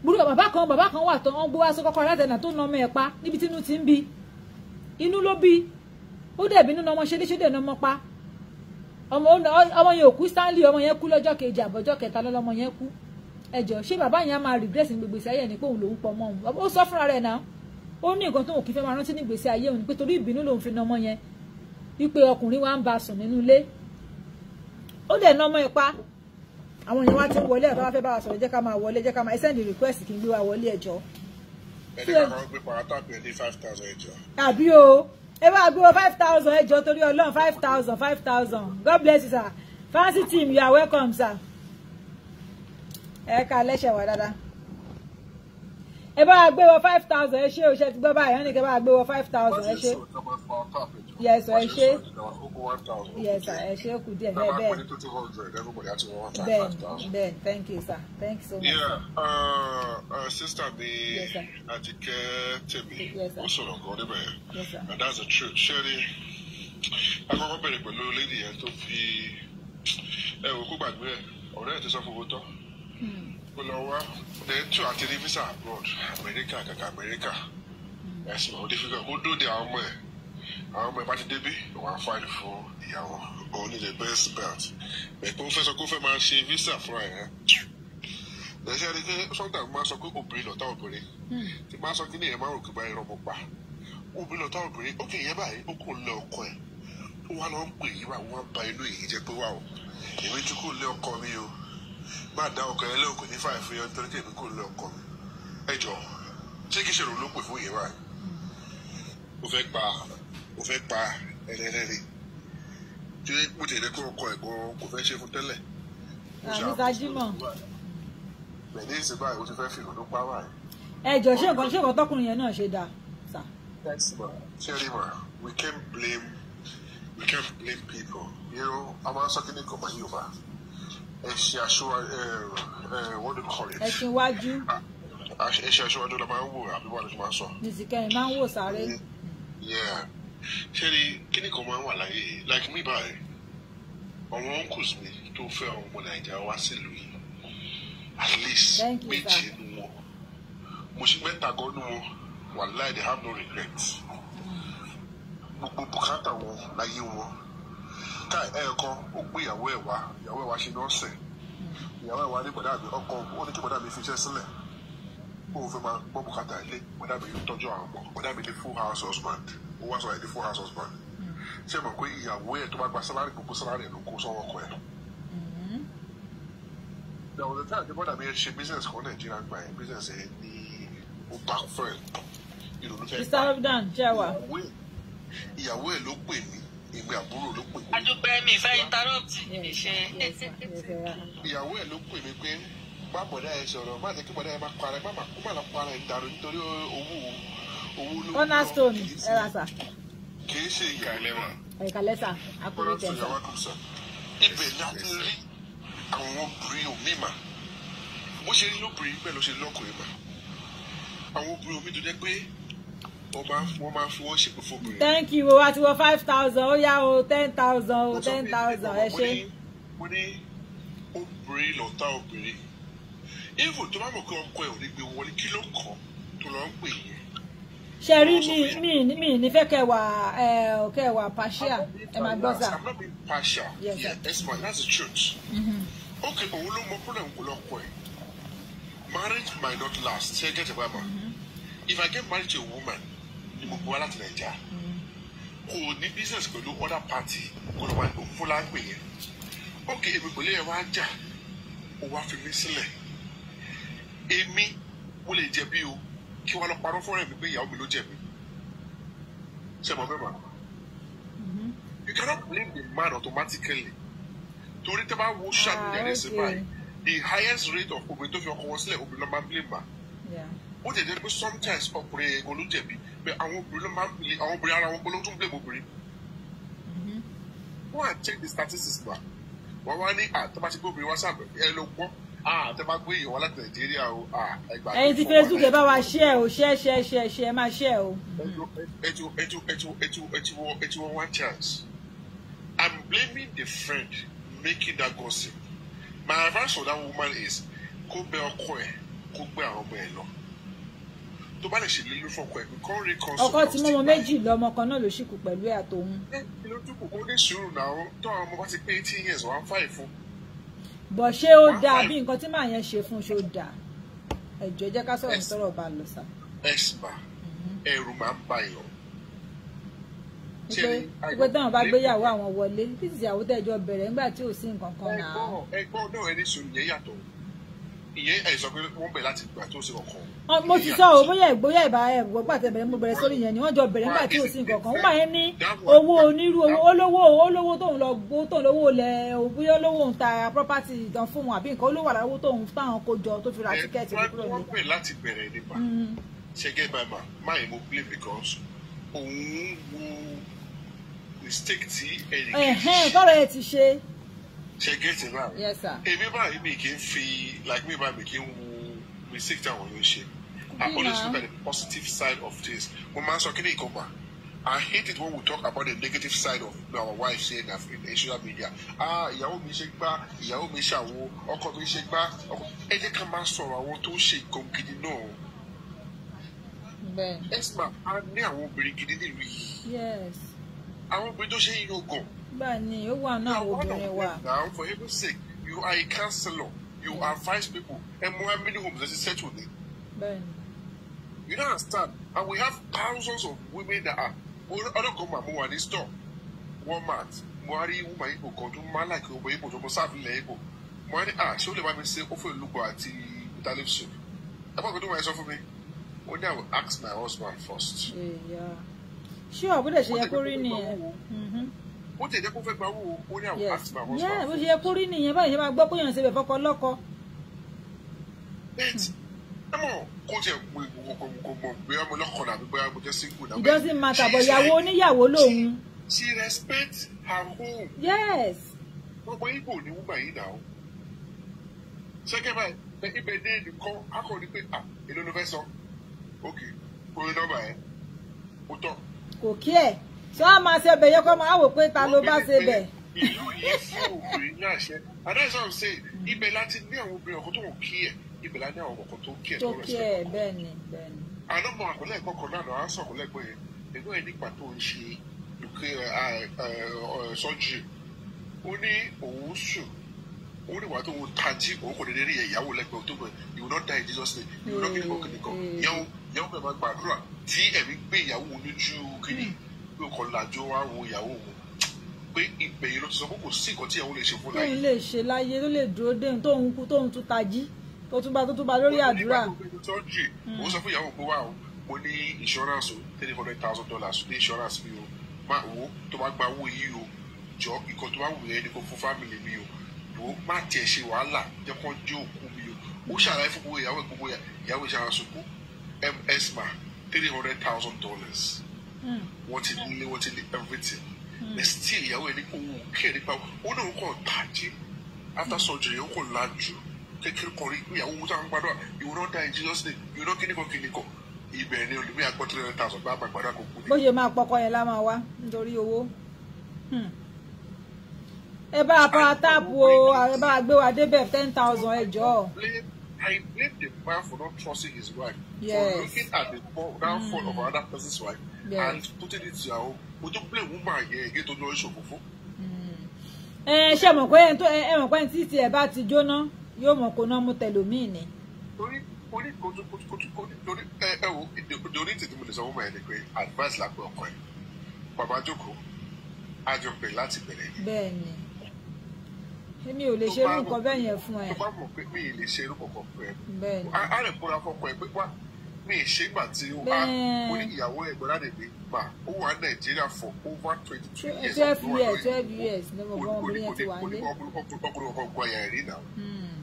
Speaker 1: burú bàbá kan bàbá kan wà tán wọn gbé wá sí kọ́kọ́ tó na ọmọ ẹ̀ pa níbi tí inú ti ń bi inú ló bi ó dẹ̀bi nínú ọmọ ṣẹ́dé ṣẹ́dé ọmọ pa ọmọ yẹn ò kú Stanley ọmọ yẹn kú lọ́jọ́ kejì àbọ̀jọ́ kẹta lọ́lọ́mọ yẹn kú ẹjọ ṣé bàbá yẹn á máa regret ní gbogbo ìgbésí ayé ẹni pé òun lòún pọ ọmọ òun ó sọ fúnra rẹ̀ náà ó ní nǹkan tó òun kì í fẹ́ máa rántí ní ìgbésí ayé òun pé torí ìbínú lòun fi na ọmọ yẹn wípé ọkùnrin wa ń ba sùn nínú ilé ó dẹ̀ ná ọmọ àwọn èèyàn wa ti ń wọlé ẹ̀ tó fẹ́ bá wa sọ̀rọ̀ jẹ́ ká máa wọlé jẹ́ ká máa send request kí n gbé wa wọlé ẹjọ́.
Speaker 2: ẹni kan kan gbé ẹ ní five thousand ẹjọ́.
Speaker 1: àbí o ẹ gbé o five thousand ẹjọ́ torí Ọlọ́run five thousand five thousand God bless you sir Fancy team you are welcome sir ẹ ká lẹ́sẹ̀ wá dáadáa ẹ bá gbé wọ five thousand ẹ ṣe o ṣe ti gbọ́ báyìí wọ́n ní kí ẹ bá gbé wọ five thousand ẹ ṣe yes ẹ ṣe
Speaker 2: yes ẹ ṣe kù díẹ̀ bẹ́ẹ̀ bẹ́ẹ̀ bẹ́ẹ̀ bẹ́ẹ̀
Speaker 1: thank you sir thank you so much. Yeah,
Speaker 2: uh, uh, sista mi Àjíkẹ́ tèmi ó sọ̀rọ̀ gan níbẹ̀ and that's the truth ṣé ni akọ́kọ́ bẹ̀rẹ̀ pẹ̀lú lady yẹn tó fi ẹ wò kó gbàgbé ẹ̀ ọ̀rẹ́ ẹ̀ ti sọ fún owó tán mo lọ wá dẹ́tù àti rí visa abroad amẹ́ríkà kàkà amẹ́ríkà ẹ̀sìn ọ̀hún difficult kó di àwọn ọmọ ẹ̀ àwọn ọmọ ẹ̀ bá ti débí wọ́n á fáìlì fún ìyàwó òun ní the best belt ẹ̀pẹ́ ó fẹ́ sọ pé ó fẹ́ máa ṣe visa fúnra ẹ̀ ẹ̀sẹ̀ ẹni pé sọ́ńtà máa sọ pé obìnrin lọ́tà obìnrin tí máa sọ kí ni ẹ̀ máa rò kí bá irọ́ mọ́ pa obìnrin lọ́tà obìnrin ó kì í yẹ báyìí ó kò lé ọkọ ẹ̀ ó wá lọ́ ń pè yí wá wọ́n ba inú èyí jẹ́ pé wà ó èmi tí kò lé ọkọ mi o má dá ọkọ yẹn lóko ní fàáyà yẹn nítorí kéèmí kò lọ ọkọ mi ẹ jọ ṣé kí ṣèrò ló pè fún yẹn báyìí ó fẹ́ pa ó fẹ́ pa ẹlẹ́rẹ́rẹ́ tí mo ti rẹ́ kó ọkọ ẹ̀ gan kò fẹ́ ṣe fún tẹ́lẹ̀. Mr. Jimoh. bẹ̀ẹ́dì ìsìn báyìí ó ti fẹ́ fìrò ló pa báyìí.
Speaker 1: ẹ jọ ṣé nǹkan ṣé nǹkan tọkùnrin yẹn náà ṣe dáa sà.
Speaker 2: we can't blame we can't blame people you know a máa ń sọ kí ẹṣin aṣọwájú eh, eh, what do you call it. ẹṣin iwájú. Ah, ah, ẹṣin aṣọwájú la máa ń wò àbí wàá ló ti máa ń sọ.
Speaker 1: nìsíkẹ́yìn eh, máa ń wò sáré.
Speaker 2: ṣé kíni kan máa ń wà láyé like me by. àwọn uncles mi tó fẹ́ àwọn ọmọ nàìjíríà wá sílùú yìí at least méjì nínú wọn mo ṣe mẹ́ta gan nínú wọn wàláì they have no regrets mm. gbogbo bùkátà wọn láyé wọn ká ẹ̀ẹ̀kan ó ìyàwó ẹ̀ wá ìyàwó ẹ̀ wá ṣe nọ́ọ̀sẹ̀ ìyàwó ẹ̀ wá ní bọ̀dá mi ọkọ ó ní kí bọ̀dá mi fi iṣẹ́ sílẹ̀ ó fẹ́ máa gbọ́ bùkátà ilé bọ̀dá mi yóò tọ́jú àwọn ọmọ bọ̀dá mi ní full house husband ó wá sọ ẹ̀ full house husband ṣé mọ̀ pé ìyàwó ẹ̀ tó bá gba sálárì gbogbo sálárì ẹ̀ ló kó sọ́wọ́ ọkọ ẹ̀ now the time the brother mi ṣe business kan Nàìjíríà gba ẹ̀ business ẹ̀ ní ó bá fẹ́ ìrònú fẹ́
Speaker 1: bá
Speaker 2: ìyàwó ẹ̀ ló pè mí ìgbé àbúrò ló pè. adúpẹ́ mi fẹ́ interrupt mi ṣe. ìyàwó ẹ̀ ló pè mí pé bá bọ̀dá ẹ sọ̀rọ̀ má jẹ́ kí bọ̀dá ẹ má para ẹ má má kó má lọ para ẹ dànù nítorí owó owó ló. ọ̀nà
Speaker 1: stone ẹ ra sà.
Speaker 2: kì í ṣe ìkàlẹ̀ mọ̀.
Speaker 1: ìkàlẹ̀ sà àkùrẹ́ tẹ̀
Speaker 2: sà. ibẹ̀ láti rí àwọn obìnrin omi mà bó ṣe rí lóbìnrin bẹ́ẹ̀ ló ṣe lọ́kùnrin mà àwọn obìnrin omi tó jẹ́ pé thank
Speaker 1: you wa ti wọ five thousand ó yá o ten thousand o ten thousand ẹ ṣe.
Speaker 2: mo ní obìnrin lọ́tà obìnrin even tó bá mọ̀ pé ọkọ ẹ̀ ò ní gbé wọlé kí ló kọ́ tó lọ́
Speaker 1: ń pè yẹn ṣe rí mi partial ẹ máa I'm
Speaker 2: not being partial yes, Yes. that's my that's the truth.
Speaker 1: Mm-hmm.
Speaker 2: okay òun ló not problem kò lọkọ ẹ marriage might not last ṣe get it baba mm-hmm. if I get married to a woman gbogbo wa láti nàìjà kò ní business pẹ̀lú other party kò lọ́wọ́ àgbo fúlá pè yẹn ok èmi pẹ̀lú ẹ̀ wá jà ó wá fi mí sílẹ̀ èmi mo lè jẹ̀bi o kí wọ́n lọ parọ́ fún ẹ̀mí pé ìyàwó mi ló jẹ̀bi ṣe mọ̀ bẹ́ẹ̀ mọ̀ you cannot blame the man automatically torí tẹ́ bá wo ah, ṣáà ní ẹ̀rẹ́ báyìí the highest rate of obìnrin tó fi ọkọ wọn sílẹ̀ obìnrin ló máa blame ma ó jẹ́ jẹ́ pé sometimes ọkùnrin ẹ̀gbọ́n ló jẹ̀bi bẹ àwọn obìnrin ló máa ń bìlẹ̀ àwọn obìnrin ara wọn pé ló tún blame obìnrin. wọ́n
Speaker 1: mm-hmm.
Speaker 2: á check the statistics wa wọ́n wá ní àtẹ́bá ti gbé obìnrin wá sábẹ̀ ẹ ló gbọ́ àtẹ́bá gbé èèyàn láti nàìjíríà o ẹgbàá. ẹ̀yin ti facebook ẹ
Speaker 1: bá wa share o share share share share máa share o.
Speaker 2: ẹtù ẹtù ẹtù ẹtù ẹtù ẹtù one chance i'm blaming the friend making that gossip my advice for that woman is kó bẹ ọkọ ẹ kó gbé àwọn ọmọ ẹ lọ tó bá lè ṣe lélu fọkọ ẹ kó rí kan sọ. ọkọ tí mọmọ méjì
Speaker 1: lọmọ kan náà ló ṣìkú pẹ̀lú ẹ̀ àtòun.
Speaker 2: kí ló dúkùú kó dé sùúrù náà tó àwọn ọmọ bá ti pé eighteen years wọ́n á fà ìfún.
Speaker 1: bọ̀ ṣé ó dáa bí nǹkan tí màá yẹn ṣe fún ṣé ó dáa ẹ̀jọ̀ jẹ́ ká sọ̀rọ̀ sọ̀rọ̀ bá lọ sá. ẹ̀sìnbà ẹ̀rù máa ń ba èèyàn. wípé táwọn bá gbéyàwó àwọn wọlé bí ìyàwó tẹ̀jọ́ bẹ̀rẹ̀ nígbà tí ò sí nǹkan
Speaker 2: kan náà. ẹ̀gbọ́n náà ẹni sùn yẹn yàtọ̀ ìyẹn ẹ sọ pé wọ́n bẹ̀ láti gbà tó ṣe ọkàn. mo ti sọ o
Speaker 1: bóyá ìgbóyà ìbá ẹ̀gbọ́n gbà tẹ̀ bẹ̀rẹ̀ mo bẹ̀rẹ̀ sórí yẹn ni wọ́n jọ bẹ̀rẹ̀ nígbà tí ò sí nǹkan kan wọ́n máa ń ní owó onírú owó olówó olówó tóun lọ gbó tóun lówó lẹ bóyá olówó ń ta property ìdán fún wọn àbí nǹkan olówó àlàó tóun táwọn kó jọ tó fi ra eh, tíkẹ́ẹ̀tì kúrò
Speaker 2: ní. wọ́n bẹ̀ láti bẹ̀rẹ̀ nípa mm. ṣẹ́gẹ́ bàbá máa mo play because òun wo mistake tí ẹnì kejì.
Speaker 1: ẹ̀hẹ́n tọ́rọ ẹ ti ṣe ṣe gẹ́tì náà
Speaker 2: èmi báyìí mi kì í fi like mi báyìí mi kì í wo mistake tí àwọn yóò ṣe I always look at the positive side of things mo máa ń sọ kí ni ìkọ́gbà I hate it when we talk about the negative side of our wife saying that in social media ah ìyàwó mi ṣe gbá ìyàwó mi ṣàwo ọkọ mi ṣe gbá ọkọ ẹ jẹ́ ká máa sọ̀rọ̀ àwọn tó ń ṣe nǹkan gidi náà ẹ sì máa ní àwọn obìnrin gidi nílùú yìí àwọn obìnrin tó ṣe é yín ogun báyìí ó wà náà obìnrin wa. now for heaven sake you are a counselor. you mm. advise people ẹ mọ emily homes ẹ ti settle ni. bẹ́ẹ̀ni. you don't understand and we have thousands of women that are ọlọ́kọ̀ máa mú wa ní store walmart buhari woman ibo kan tó máa láìpẹ́ ọmọ ibo tó mọ sáàfin ilẹ̀ ibo buhari ah ṣé ó lè bá mi ṣe ofe olùkọ́ àti bitalip soup ẹ bá gbọdọ̀ wáyé sọ fún mi ó I will ask my husband first.
Speaker 1: ṣé ọ̀gbọ́dọ̀ ṣe yẹ kó rí nìyẹn
Speaker 2: ó tẹ̀ jẹ́ kó fẹ́ gba owó ó ní àwọn àti bàbá ọ̀sán. bó ṣe yẹ
Speaker 1: kó rí nìyẹn báyìí ṣe máa gbọ́ bóyá ṣe bẹ̀ fọkọ lọ́kọ.
Speaker 2: bẹ́ẹ̀ni ẹ mọ̀ kó jẹ́ pé kò mọ̀ bóyá mo lọ́kọ làbí bóyá mo jẹ́ single làbẹ́. ìjọsìn máa tàbọ̀ ìyàwó
Speaker 1: oníyàwó lòun.
Speaker 2: she respect her home. yes. gbogbo ibo ni wúgbà yìí dà ó. ṣẹ́kẹ́ báyìí ibẹ̀ dé nìkan akọni pé à ah, èlò ló fẹ́ sọ. ok kò ní nọ́mbà ẹ̀
Speaker 1: kò tọ̀. kò kí ẹ̀ ṣé a máa ṣe ẹbẹ̀ yẹ kó máa wò pé ta ló bá ṣe bẹ̀.
Speaker 2: ìlú yìí sí obìnrin náà ṣe adájọ́ ń ṣe ibẹ̀ láti ní àwọn obìnrin ọkọ tó ń kí ẹ̀ ibẹ̀ láti ní àwọn ọkọ tó ń kí ẹ̀ tó rẹ̀ sẹ́kọ̀ọ́. tó kí ẹ̀ bẹ́ẹ̀ ni bẹ́ẹ̀ ni. àlọ́mọ àkọlẹ́ ẹ̀kọ́ kan náà lọ́wọ́ aṣọ àkọlẹ́ ẹ̀kọ́ yẹn ẹ̀gbọ́n ẹ̀ nípa tó ń ṣe uh, uh, uh, sọ́jì o ní òun sùn ó ní wàá tó ń tají òun kò dédé rí o lẹ́gbẹ̀ẹ́ tó bẹ̀ you will not die in Jesus name you will not be broken nìkan ìyàwó ìyàwó bẹ̀rẹ̀ máa gbàdúrà tí ẹ̀mí gbé ìyàwó oníjú kìíní ló kọ́ lajú wá wo ìyàwó òun pé ibẹ̀ yìí ló ti sọ pé kò sí nǹkan tí ìyàwó lè ṣe fún láyé. tóun lè ṣe
Speaker 1: láyé ló lè dúró dé tóun kú tóun tún tají tó tún bá tó tún bá lórí àdúrà. mo
Speaker 2: hmm. sọ fún ìyàwó pé wà ó mo ní insurance o three hundred thousand dollars ní insurance mi o máa wo tó bá gba owó yìí o jọ ìkan tó bá wù yẹn ni kò fún family mi o wo má tiẹ̀ ṣe wàhálà jẹ́ kó jẹ́ òkú mi o ó ṣàlàyé fún gbogbo ìyàwó ìgbogbo ìyàwó ìṣàlàsùnkú ms ma three hundred thousand dollars. Mm. wọ́n ti nílé wọ́n ti ní everything ẹ̀ mm. still ìyàwó ẹ̀ ní kó wù kẹ́ ẹ̀ nípa ó ní òun kàn bàjẹ́ after surgery ó kò lajú kékeré kan rí ìyàwó wúta ń gbàdúrà ìwọ náà dá ìjíjọ́ sí ìwọ náà kíníkọ kíníkọ ibẹ̀ ni olùmí àgbọ̀tún ẹ̀rọ tàṣọ bá àgbàgbàdà kò kú
Speaker 1: ni. bó ṣe máa pọkọ yẹn lá máa wá nítorí owó hmm. ẹ bá a pa táàpù o ẹ bá a gbé wa débẹ̀ ten thousand ẹ jọ̀ọ́.
Speaker 2: I blame the man for not trusting his wife, yes. for looking at the downfall mm. of another person's wife yes. and putting it to your own. Would you blame woman yẹn again tó lọ ìṣòfò fún?
Speaker 1: Ẹ ṣe mọ̀ pé ẹ mọ̀ pé tí tí ẹ bá ti jóná yóò mọ̀ kó náà mú tẹlòmíì ni.
Speaker 2: Torí torí kojú kojú kojú kojú torí ẹ ẹ wo ìdòrí tètè mo lè sọ woman yẹn ni pé advice la pé ọkọ yẹn. Bàbá jókòó, a jọ pè láti bẹ̀rẹ̀
Speaker 1: ni. Bẹ́ẹ̀ni mi ò lè ṣerú nǹkan bẹ́ẹ̀ yẹn fún ẹ. tó bá
Speaker 2: mọ̀ pé mi ì lè ṣerú kankan fún ẹ. bẹ́ẹ̀ni a rẹ̀ kóra fọkọ ẹ pé wá mi ì ṣe gbà tí o wá ó ní ìyàwó ẹ̀gbọ́n láti mi gbà ó wà nàìjíríà for over twenty two years. twelve years
Speaker 1: twelve years ní mo bọ́ ọmọ yẹn ti wà ní.
Speaker 2: ọkùnrin ọkọ ẹ̀yà ẹ̀rí náà. Hmm.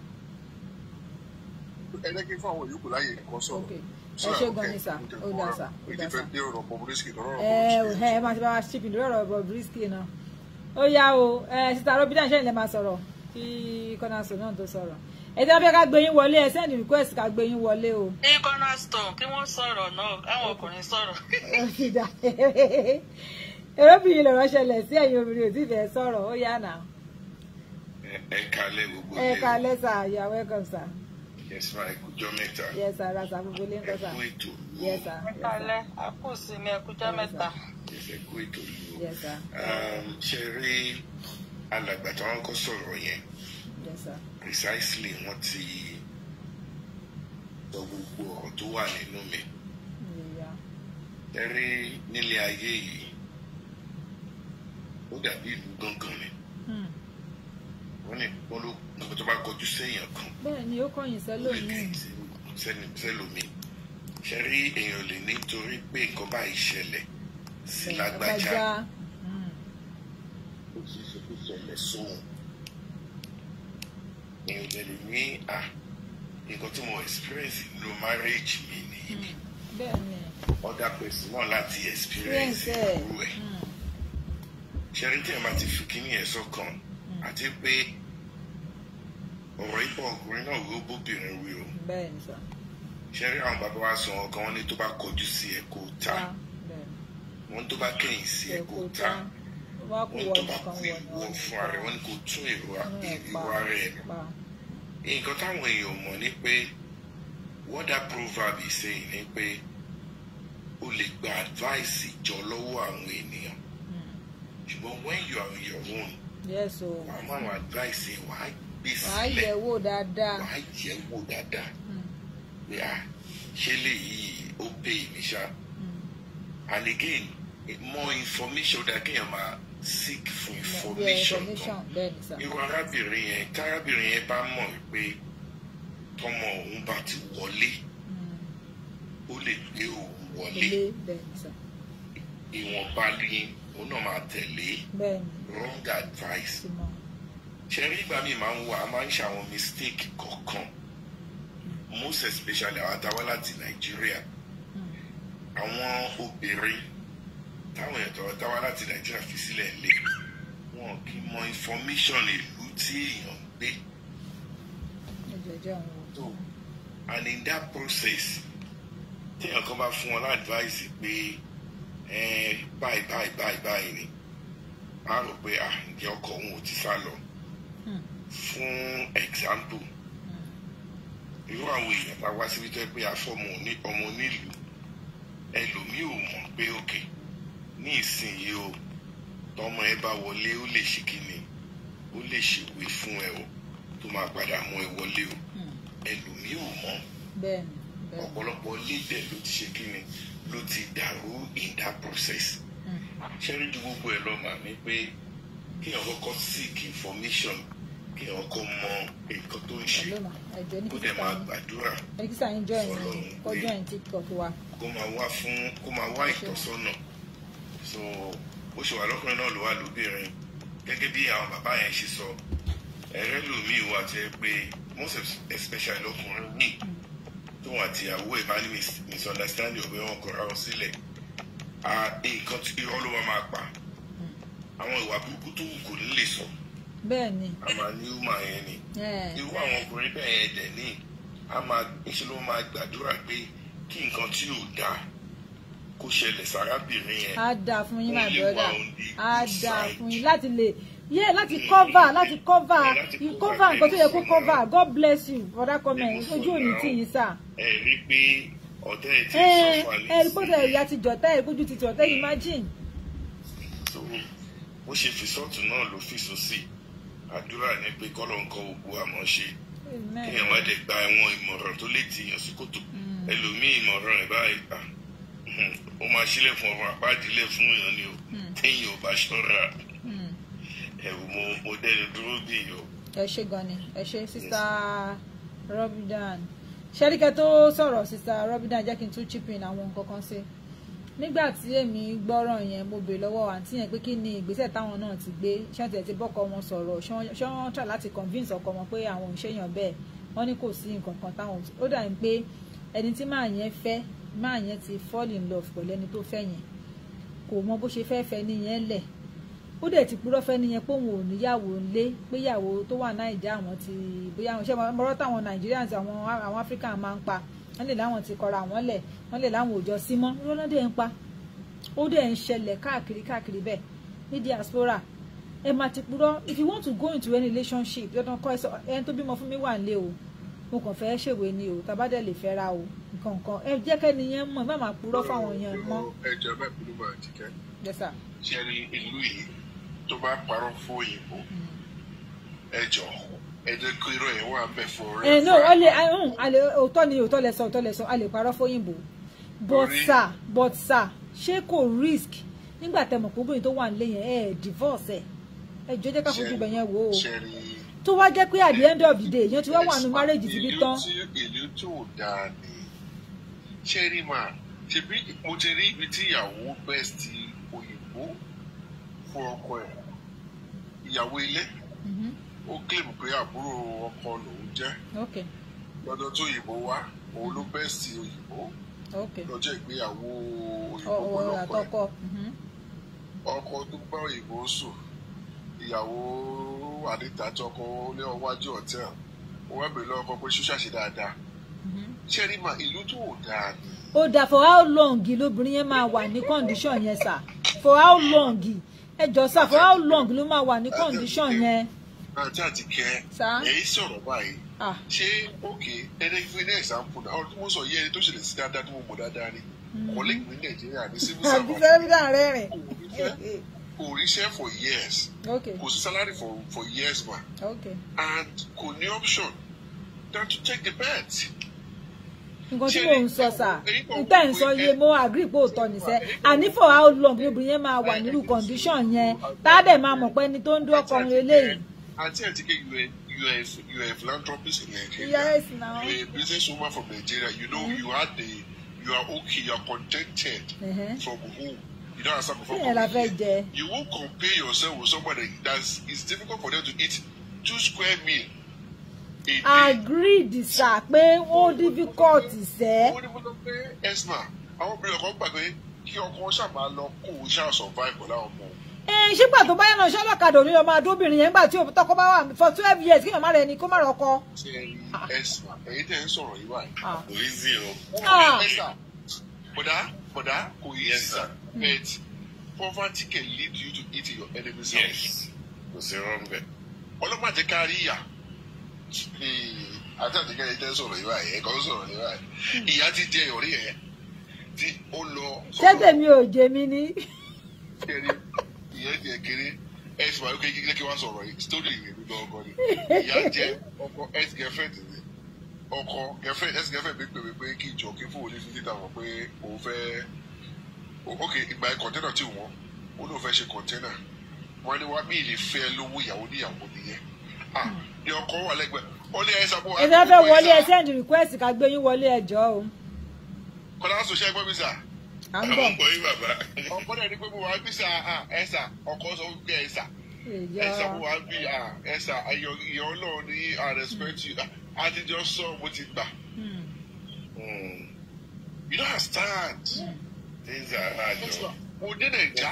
Speaker 2: ẹ fún àwọn yòókù láyè nǹkan sọ̀rọ̀ ẹ ṣe gan ni sà ó dà sà ó dà sà
Speaker 1: ẹ ẹ máa ṣe bá wa ṣípìn lórí ọ̀rọ̀ náà ó yá o ẹ sísá Robinah ṣẹ́yìn lè máa sọ̀rọ̀ kí kọ́nà sọ náà tó sọ̀rọ̀ ẹ tí wọ́n fẹ́ ká gbé yín wọlé ẹ send request ká gbé yín wọlé o. ní kọ́nà sọ kí wọ́n sọ̀rọ̀ náà àwọn ọkùnrin sọ̀rọ̀. erébìnrin lọ̀rọ̀ ṣẹlẹ̀ sí ẹ̀yin obìnrin ò tí ì ó yá nà.
Speaker 2: ẹ kalẹ̀ gbogbo ẹ
Speaker 1: kalẹ̀ sà you are welcome sà.
Speaker 2: yes ma ẹ kújọ mẹ́ta.
Speaker 1: yes sà rasa gbogbo ilé ń tọ́ sà. ẹ kú ètò. yes sà. ẹ kalẹ̀ àkùsí mi ẹ kújọ mẹ́ta.
Speaker 2: ẹ kú ètò lù. yes sà. Um, ṣe rí alàgbà tí wọ́n kọ́ sọ̀rọ̀ yẹn precisely wọ́n ti sọ gbogbo ọ̀rọ̀ tó wà nínú mi ẹrí nílé ayé yìí ó dàbí ìlú gángan ni hmm. wọ́n ní wọ́n ló nǹkan tó bá kọjú séèyàn kan
Speaker 1: bẹ́ẹ̀ ni ó kọ̀yìn sẹ́lòmíì
Speaker 2: sẹ́lòmíì ṣe rí èèyàn lè nítorí pé nǹkan báyìí ṣẹlẹ̀ sí lágbájá balẹ̀ sóhun mi ò dẹ̀ lè ní à nǹkan tí mo experience nínú marriage mi nìyí hmm. other person náà láti experience irú ẹ̀ hmm. ṣẹ́rí tí ẹ̀ máa ti fi kíní ẹ̀ sọ́kàn hmm. àti pé ọ̀rọ̀ ipò ọkùnrin náà wí ó bóbìnrin wí o ṣẹ́rí àwọn bàbá wa sọ ọ̀kan wọn ní tó bá kọjú sí ẹ̀ kó ta ah, wọn tó bá kẹ̀yìn sí ẹ̀ ta wọn fún ara wọn kò tún ìwà mm, rẹ̀ nù nǹkan táwọn èèyàn mọ̀ ni pé what that proverb is saying ni pé o lè gba advice jọ lọ́wọ́ àwọn ènìyàn mm. ṣùgbọ́n when you are on your own wàá mú àwọn advice yẹn wàá
Speaker 1: gbé sílẹ̀ wàá yẹ̀ wò dáadáa
Speaker 2: mm. pé a ah, ṣe léyìí ó pè mí ṣá and again more information that kéèyàn máa seek for information
Speaker 1: kan irú
Speaker 2: arábìnrin yẹn kárábìnrin yẹn bá mọ̀ pé tọmọ òun bá ti wọlé hmm. ó lè gbé òun wọlé ìwọ̀nba ni òun náà máa tẹ̀lé wrong advice ṣẹ́rí ìgbà mi máa ń wà á máa ń ṣàwọn mistake kọ̀ọ̀kan hmm. most especially àwọn adáwọ́ láti Nàìjíríà hmm. àwọn obìnrin táwọn èèyàn táwa láti nàìjíríà fi sílẹ̀ lé wọn kì í mọ information ìlú tí èèyàn gbé. and in that process téèyàn kan bá fún wọn láàdváìsì pé báyìí báyìí báyìí báyìí ni a rò pé à ah, ǹjẹ́ ọkọ̀ òun ò ti sá lọ hmm. fún example irú àwọn èèyàn tá a wá síbi tó yẹ pé afọ́mọ ọmọ onílùú ẹlòmíì ò mọ̀ pé òkè. Okay ní ìsinyìí o tọmọ ẹ bá wọlé ó lè ṣe kíni ó lè ṣèwé fún ẹ o tó máa padà mú ẹ wọlé o hmm. ẹlòmíì ò mọ ọ̀pọ̀lọpọ̀ lédè ló ti ṣe kíni ló ti dàrú in that process hmm. ṣẹ́rí ju gbogbo ẹ̀ lọ́mà ní pé kí ẹ̀ kọ́kọ́ seek information kí ẹ̀ kọ́kọ́ mọ nǹkan tó ń ṣe kó dẹ̀ máa gbàdúrà
Speaker 1: fọlọ́run pé kó
Speaker 2: máa wá fún kó máa wá ìtọ́sọ́nà so bó ṣe wà lọ́kùnrin náà ló wà lóbìnrin gẹ́gẹ́ bí àwọn bàbá yẹn ṣe sọ ẹ̀rẹ́ lòmíì wà tẹ́ pé most especially lọ́kùnrin ní tóun àti ìyàwó ẹ̀ bá ní misunderstanding ọ̀bẹ wọn kọ̀ra wọn sílẹ̀ nǹkan tí irọ́ ló wà máa pa àwọn ìwà burúkú tó wù kò ní lè sọ. bẹ́ẹ̀ni. a máa ní human yẹn ni. irú àwọn ọkùnrin bẹ́ẹ̀ yẹn dẹ̀ ní a máa ń ṣe ló máa gbàdúrà pé kí nǹkan tí ò dáa kó ṣẹlẹ̀ sárábìnrin yẹn. á
Speaker 1: dáa fún yín my brother á dáa fún yín láti lè yẹ láti mm-hmm. cover láti cover cover nǹkan tó yẹ kó cover God bless you for that comment ojú òní tì yín sà.
Speaker 2: ẹ rí pé ọ̀tẹ̀ ẹ ti eh,
Speaker 1: sọ fún ẹ. ẹ rí pọ́tẹ̀ ti jọ̀tẹ̀ ẹ̀ kójú ti jọ̀tẹ̀ mm. imagine.
Speaker 2: so bó ṣe fi sọ́ọ̀tù náà ló fi sósì àdúrà ni pé kọ́lọ̀ ń kọ́ ògbó àmọ́ ṣe kéèyàn wá dé gba àwọn ìmọ̀ràn tó lè tìyàn sí kòtò mm. ẹlòmíì ìmọ̀ràn ẹ̀ báyìí ah, ó máa sílẹ̀ fún ọmọ àpáàdílé fún èèyàn ni o hmm. téèyàn ò bá ṣọ́ra hmm. ẹ̀rù mo mo dẹ́nu dúró bí yìí o.
Speaker 1: ẹ ṣe gan ni ẹ ṣe sista Robdan ṣẹ́ríkẹ́ tó sọ̀rọ̀ sista Robdan jẹ́ kí n tún chip in àwọn nǹkan kan sí nígbà tí èmi gbọ́rọ̀ yẹn mo bèè lọ́wọ́ àǹtí yẹn pé kí ni ìgbésẹ̀ táwọn náà ti gbé ṣé tiẹ̀ ti bọ́kọ wọn sọ̀rọ̀ ṣé wọ́n tà láti convince ọkọ wọn pé àwọn ò ṣèyàn bẹ́ẹ̀ wọ́n ní kò sí nǹkan kan táwọn ó dà ní pé ẹni tí màá yẹn fẹ́ máa yẹn ti fall in love pẹ̀lú ẹni tó fẹ́ yẹn kò mọ bó ṣe fẹ́ fẹ́ nìyẹn lẹ̀ ó dẹ̀ ti purọ́ fẹ́ nìyẹn pé òun ò níyàwó lé pé ìyàwó tó wà Nàìjíríà àwọn ti bóyá àwọn iṣẹ́ mọ́rọ́ táwọn Nigerians àwọn àwọn Africa máa ń pa wọ́n lè láwọn ti kọra àwọn lẹ̀ wọ́n lè láwọn òòjọ́ sí mọ́ rọ́lá dẹ̀ ń pa ó dẹ̀ ń ṣẹlẹ̀ káàkiri káàkiri bẹ́ẹ̀ ní diaspora ẹ máa ti purọ́ if you want to go into any relationship dandan kọ́ ẹ sọ ẹni tó bímọ fún mi wà ń lé o mo kàn fẹ́ ṣèwé ni o tàbá dẹ̀ lè fẹ́ra o nǹkan kan ẹ jẹ́ kẹ́ni yẹn mọ̀ má máa purọ́ fáwọn yẹn
Speaker 2: mọ́. ẹ jẹ́ bẹ́ẹ̀ bí ti kẹ́. ṣe ni ìlú yìí tó bá parọ́ fún òyìnbó mm. ẹ jọ ẹ jẹ́ kí irọ́ yẹn fún ẹ eh,
Speaker 1: mm, òótọ́ ni òótọ́ lẹ sọ òótọ́ lẹ sọ a lè parọ́ fún òyìnbó but sir but sir ṣé kò risk nígbà tẹ́ mọ̀ pé obìnrin tó wà nílé yẹn ẹ divorce ẹ ẹ jọ jẹ́ ká fojú bẹ̀ wò ó. ṣe ni tó wá jẹ́ pé at the end of the day èèyàn ti wá wà ní márèjì ti bí tán.
Speaker 2: èlé tó dáa ni ṣẹ́rí máa ṣebí mo ti rí ibi tí ìyàwó best òyìnbó fún ọkọ ẹ̀ ìyàwó ilé mm-hmm. ó claim pé àbúrò ọkọ lòun jẹ́ lọ́dọ̀ tó òyìnbó wá òun ló best òyìnbó lọ́jọ́ ìgbéyàwó òyìnbó pẹ̀lú ọkọ ẹ̀ mm-hmm. ọkọ tó bá òyìnbó sùn ìyàwó wà níta tí ọkọ ní ọwájú ọ̀tẹ̀ wọ́n wá bèrè lọ́kọ pé ṣúṣà ṣe dáadáa mhm. ṣé ìlú tó ò dáa ni.
Speaker 1: ó dà for how long lóbìnrin yẹn máa wà ní condition yẹn sà for how long ẹ jọ sà for how long ló máa wà ní condition yẹn.
Speaker 2: àti àtìkẹ́ èyí sọ̀rọ̀ báyìí ah. ṣé òkè ẹni fún ilé example náà ọ̀rọ̀ tí mo sọ yẹ ẹni tó ṣẹlẹ̀ sí dáadáa tí mo mọ̀ dáadáa ni kọ́lé mhm. ìpínlẹ̀ Nàìjíríà ní civil servant. àbísẹ́ rẹ̀ rẹ̀. kò ríṣẹ́ for years kò sí salary for for years ma and kò ní option than to take the bet.
Speaker 1: nǹkan tí mò ń sọ sà níta ń sọ iye mo agree pé òótọ́ nìṣẹ́ àní for how long lóbìnrin yẹn máa wà nínú condition yẹn tá a dẹ̀ máa mọ̀ pé ẹni tó ń dún ọkọ òun eléyìí.
Speaker 2: àti ẹ̀ ti ké ìwé you are a, you are a philanthropist in Nigeria. Yes, now. You are a businesswoman from Nigeria. You know, mm-hmm. you are the, you are okay, you are contented mm-hmm. from home you don't answer
Speaker 1: for
Speaker 2: You won't compare yourself with somebody that's it's difficult for them to eat two square meal
Speaker 1: a day. Agreed, sir. Pé ó difficult sẹ́. Ó ní
Speaker 2: mo sọ pé Esma, àwọn obìnrin ọkọ gbàgbé kí ọkọ ṣáà máa lọ kó o ṣáà survive pẹ̀lú àwọn ọmọ.
Speaker 1: Ee eh, ṣígbà tó bá yànnà ṣọ́lọ́kadà òní ọmọ adóbìnrin yẹn nígbà tí òbí tọkọ bá for twelve years kí èèyàn má rẹ ni kó má rọ ọkọ.
Speaker 2: Ṣé Esma, èyí tẹ̀ ń sọ̀rọ̀ yìí ah. Kò rí zi o. Ah. Bọ̀dá bọ̀dá kò oh, Yes. sà hmm. but poverty can lead you to eat your enemy's house. yes kò sí rán bẹ́ẹ̀. ọlọ́pàá ti kárí ìyà àtàtì kẹ́lẹ́ tẹ́ sọ̀rọ̀ yìí báyìí ẹ̀kọ́ sọ̀rọ̀ yìí báyìí hmm. ìyá ti jẹ ìyọ̀rí ẹ̀
Speaker 1: tí ó lọ. sẹ́tẹ̀ mi ò jẹ mí ní.
Speaker 2: kéré ìyẹn ti ẹ̀ kéré ẹ̀ sì máa ń kékeré kí wọ́n sọ̀rọ̀ yìí sítórì ìrìn
Speaker 1: gbọ́ngàn ni ìyá jẹ ọkọ ẹ̀ ti gẹ̀ fẹ́ẹ̀tì ní ọkọ gẹfẹ ẹsì gẹfẹ mi pè pé kí ìjọ kí
Speaker 2: fún òní fifty thousand pé òun fẹ́ ok ìgbà kọ̀ńténà tí wọ́n ó lóun fẹ́ ṣe kọ̀ńténà wọ́n ní wá bí ìlè fẹ́ lówó ìyàwó níyàwó nìyẹn ah ni ọkọ wà lẹ́gbẹ̀ẹ́ ó ní ẹ̀sán bó wà. ẹ fẹ́ fẹ́ wọlé
Speaker 1: ẹ request ká gbé yín wọlé ẹjọ́ o.
Speaker 2: kọ́lá sọ ṣe ẹgbẹ́ mi sà. à ń bọ̀ ọ̀pọ̀ yín bàbá. ọ̀pọ̀ náà ní pé mo wà bí sà a ti jọ sọ̀rọ̀ bó ti gbà. Hmm. Hmm. you don't understand. Hmm. things are hard o. mo dé nàìjà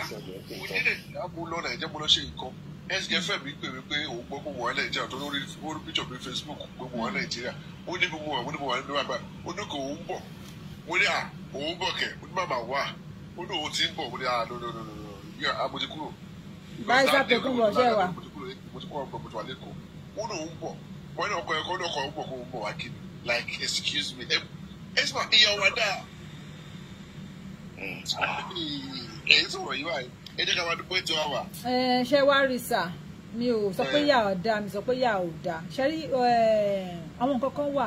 Speaker 2: mo dé nàìjà mo lọ nàìjà mo lọ ṣe nǹkan ẹsìkẹfẹ mi pè mí pé òun gbọ́ gbogbo wọn nàìjíríà tó lórí orí píṣọ̀ mi Facebook gbogbo wọn nàìjíríà ó ní gbogbo wọn ó ní gbogbo wọn ní bàbá ó ní kò ń bọ̀ mo ní à òun bọ̀ kẹ̀ ó ní bàbá wà ó ní òun ti ń bọ̀ mo ní à lọ́lọ́lọ́lọ́ yà á mo ti kúrò. báyìí sábẹ̀ kúrò ọ̀ṣẹ́ wa. mo ti kúrò mo ti wà lẹ́kọ̀ọ́ ó ní òun bọ̀ wọn náà ẹkọ náà kọ ọgbọ kọ ọgbọ wa kí like excuse me ẹ ẹ sọ iye ọwọ dáa èyí tó wọ̀ yí wáyé ẹ jẹ́ ká wá dúpọ̀ ètò àwà.
Speaker 1: Eh, ṣé wá rí sà mi ò sọ pé eh. yà ọ̀ dáa mi sọ pé yà ọ̀ dáa ṣe rí eh, àwọn nǹkan kan wà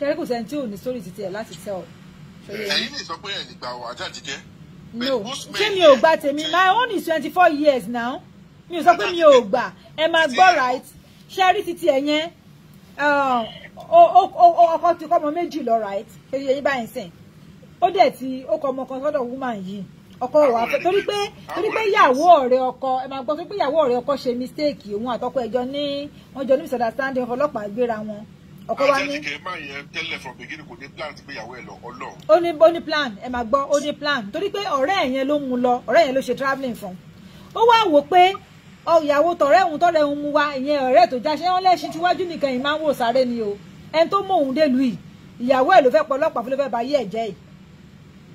Speaker 1: ṣe rí kò sẹ́ni tí ò ní sórí títí ẹ̀ láti tẹ́ ọ.
Speaker 2: ẹ̀yin lè sọ pé ẹ̀ nígbà wà
Speaker 1: ajá ti no ṣé mi ò gba tèmi my own is twenty four years now mi ò sọ pé mi ò gbà ẹ máa gbọ́ right ṣe rí títí ẹ yẹn um, ọkọ ti kọ́ ọmọ méjì lọ right kejì yẹn báyìí sìn ó dẹ̀ ti ó kọ ọmọ kan sọ́dọ̀ woman yìí ọkọ wà fẹ́ torí pé torí pé ìyàwó ọ̀rẹ́ ọkọ ẹ máa gbọ́ pé ìyàwó ọ̀rẹ́ ọkọ ṣe mistake òun àtọkọ ẹjọ́ ní wọ́n jọ ní misunderstanding ọlọ́pàá gbéra wọn ọkọ wa ní. ó ní ó ní plan ẹ máa gbọ́ ó ní plan torí pé ọ̀rẹ́ yẹn ló mú lọ ọ̀rẹ́ yẹn ló ṣe travelling fún un ó wá wò pé ìyàwó tọ̀rẹ́ òun tọ̀rẹ́ òun mu wa ìyẹn ọ̀rẹ́ tó jáṣẹ wọn lẹsìn tíwájú nìkan yìí máa ń wò sáré ni o ẹni tó mọ òun délùú yìí ìyàwó ẹ̀ ló fẹ́ pọlọpàá fún ló fẹ́ bá yí ẹ jẹ yìí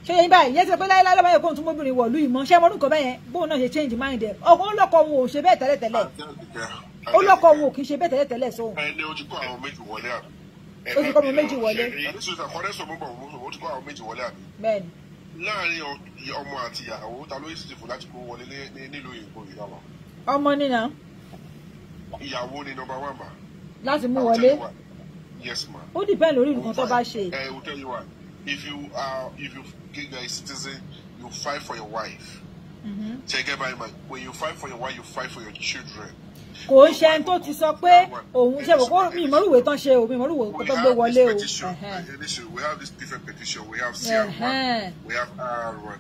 Speaker 1: ṣe yẹn báyìí yẹn ti pé láyé láyé báyìí kóhun tún mọ́bìnrin wọ̀lú ìmọ̀ ṣé mo rúkọ bẹ́yẹn bóun náà ṣe change mind ẹ̀ ọkọ olóko òun ò ṣe bẹ́ẹ̀ tẹ́lẹ̀tẹ́lẹ̀ olóko òun ò kì í ṣe bẹ́ẹ̀ tẹ́lẹ̀tẹ́lẹ̀ sóhun.
Speaker 2: ẹni ojú kọ àwọn méjì wọlé àbí. ojú kọ àwọn méjì wọlé. bẹ́ẹ̀ni láàrin ọmọ àti ìyàwó ta ló yẹ sí ti fò láti kó wọlé nílùú èkó ìyá wa
Speaker 1: ọmọ nínà.
Speaker 2: ìyàwó ni number one ma.
Speaker 1: láti mú wọlé. yes ma. ó depend lórí nǹkan tó bá ṣe. ẹ eh, o
Speaker 2: tell you what if you are if you get are a citizen you fight for your wife. ṣe gẹ́gẹ́ báyìí ma when you fight for your wife you fight for your children
Speaker 1: kò ń ṣe ẹni tó ti sọ pé òun ṣe wò kó mi ìmọ̀rúwé tán ṣe o mi ìmọ̀rúwé kó tó gbé wọlé
Speaker 2: o. we have this different petition we have cr one. we have r one.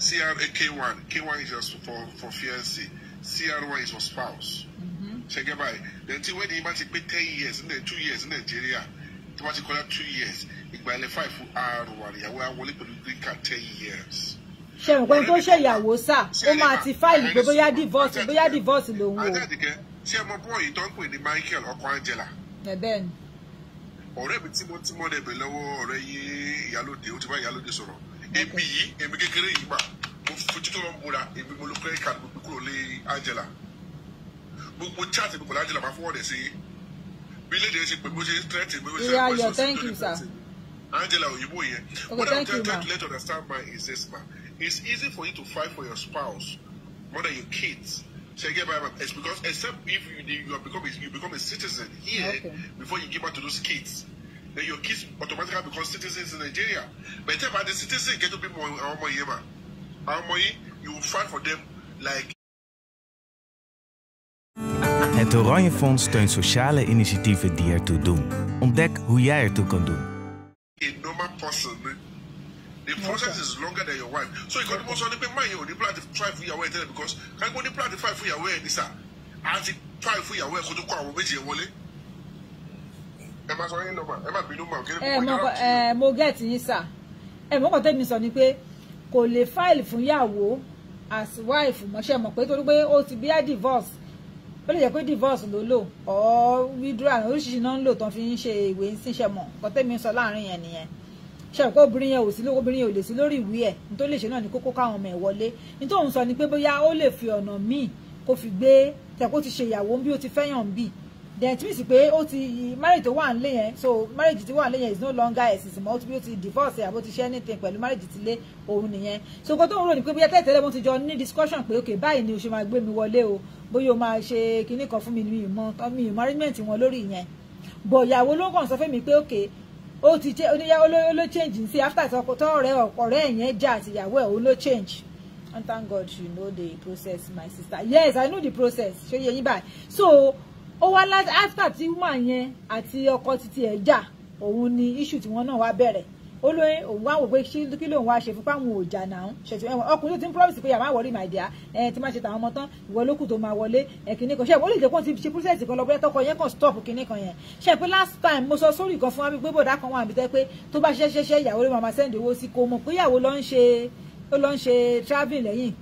Speaker 2: CR eh, k one. k one is just for for fiancé. CRY is your spouse Check it by then tí wedding bá ti pay ten years ní two years ní Nàìjíríà tó bá ti kọjá two years ìgbà ilẹ̀ five for RY ìyàwó àwọlé pẹ̀lú green card ten years.
Speaker 1: ṣe nǹkan tó ṣe ìyàwó sá ó máa ti fáìlì pé bóyá divorce bóyá divorce lòun o. àjẹ́dìkẹ́
Speaker 2: ṣé ẹ mọ bọ́ọ̀yì tó ń pè ní Michael ọkọ Angela. ẹ̀bẹ̀ ni. ọ̀rẹ́ mi tímọ́tímọ́ rẹ̀ bẹ̀ lọ́wọ́ ọ̀rẹ́ yìí ìyálóde ó ti bá ìyálóde sọ̀rọ̀ èmi yìí èmi kékeré yìí mà mo fojú tó lọ́n bora èmi mo lo credit card mo kúrò lé Angela gbogbo chat mi pẹ̀lú Angela máa fọwọ́dẹ̀ sí bí léde ṣe pé bó ṣe threat mi bó ṣe ṣe pẹ̀lú thank you sir Angela òyìnbó yẹn what I'm trying to let you understand my is this ma it's easy for you to fight for your spouse more than your kids shall get by it's because except if you you become a, you become a citizen here okay. before you give birth to those kids then your kids automatically become citizens in Nigeria but if you are the citizen get to be more more yema you will for them like...
Speaker 1: Het Oranje Fonds steunt
Speaker 2: sociale initiatieven die ertoe doen. Ontdek hoe jij ertoe kan doen. Eh? the process is longer than your wife. So you can the be man, you plan to try for your way eh? because can go plan to fight for your way this and to try for your way go to kwa wo meje wole. Ẹ ma,
Speaker 1: eh, mo get kò lè fáìlì fún yàwó as wife mọ́ṣẹ́ mọ̀ pé torí pé ó ti bí i divorce ó lè jẹ́ pé divorce ló lò or withdrawal oríṣiríṣi náà ń lò tán fi ń ṣe ìwé ṣíṣẹ́ mọ̀ nǹkan tẹ́mi sọ láàrin yẹn nìyẹn ṣàrò pé obìnrin yẹn ò sí obìnrin yẹn ò lè sí lórí ìwé ẹ̀ ní tó lè ṣe náà ní kókó káwọn ọmọ ẹ̀ wọlé ní tóun sọ ni pé bóyá ó lè fi ọ̀nà míì kó fi gbé tẹ̀ ti ṣe ìyàwó bí ó ti fẹ́yàn bíi then it means pé ó ti marriage tó wà nílé yẹn so marriage tí wà nílé yẹn is no longer exist mọ́ ó ti bí ó ti divorce àbó ti ṣe anything pẹ̀lú marriage ti lé òun nìyẹn so nǹkan tó ń rò ní pé bí tẹ́lẹ̀ tẹ́lẹ̀ mo ti jọ ní discussion pé ok báyìí ni o ṣe máa gbé mi wọlé o bóyá o máa ṣe kinní kan fún mi mi ìmọ̀ mi ìmọ̀ arrangement wọn lórí yẹn bọ̀ ìyàwó ló kàn sọ fún mi pé ok ó ti jẹ́ oníyá ló change sí after to tọ́ọ̀rẹ́ ọ̀rẹ́ yẹn jà àtìyàwó ẹ̀ ó ló change and thank God you know the process my sister yes I know the process So yẹ yín so ó wá láti after tí woman yẹn àti ọkọ títí ẹ̀ jà òun ni issue tí wọ́n náà wá bẹ̀rẹ̀ ó lóyún òun wá wò pé kí lóun wá ṣe fipá àwọn òòjà náà ṣètò ẹ̀wọ̀n ọkùnrin tó ti ń promise pé yàrá wọlé my dear ẹ ti máa ṣe tàwọn ọmọ tán ìwọ lókù tó máa wọlé ẹ kìíní kan ṣe ìwọ lè jẹ kó ti ṣe process kan lọgbẹ tọkọ yẹn kan stop kìíní kan yẹn ṣe pé last time mo sọ sórí kan fún wa pé bọ̀dá kan wà níbi tẹ́ pé tó bá ṣiṣẹ́ ṣiṣẹ́ ìyàwó rẹ̀ màmá send owó sí kò mọ̀ pé ìyàwó ló ń ṣe ó lọ ń ṣe travelling lẹ́yìn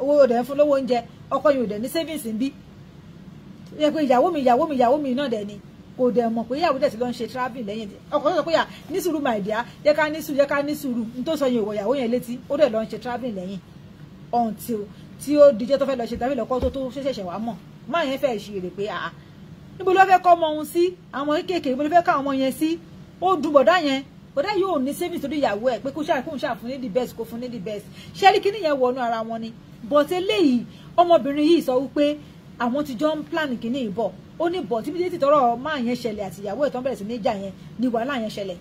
Speaker 1: owó ọ̀dẹ̀ ń fún lówó oúnjẹ ọkọ yìí ò ní savings ń bí yẹ pé ìyàwó mi ìyàwó mi ìyàwó mi náà dẹ̀ ni kò dẹ̀ mọ̀ pé ìyàwó dẹ̀ ti ń ṣe travelling lẹ́yìn ọkọ yóò sọ pé yà ní sùúrù my dear yẹ ká ní sùúrù yẹ ká ní sùúrù n tó sọ yẹn ìwọ ìyàwó yẹn létí ó dẹ̀ lọ ń ṣe travelling lẹ́yìn until tí ó dijọ́ tó fẹ́ lọ ṣe tàbí lọ́kọ́ tó tó ṣẹ̀ṣẹ̀ wá mọ̀ máa yẹn fẹ́ ṣe rè pé àá níbo ló fẹ́ kọ́ ọmọ òun sí àwọn kéékèèké níbo ló fẹ́ ká ọmọ yẹn sí ó dùn bọ̀dá yẹn bọ̀dá yóò ní savings torí ìyàwó ẹ̀ pé kó ṣàfún ní the best kó fún ní the best ṣẹ́rí kíní yẹn wọnú ara wọn ni but eléyìí ọmọbìnrin yìí sọ wípé àwọn ti jọ ń plan kìíní ìbọ̀ ó ní bọ̀ tíbi tí tọrọ máa yẹn ṣẹlẹ̀ àti ìyàwó ìtàn bẹ̀rẹ̀ sí ní jà yẹn ni wàhálà yẹn ṣẹlẹ̀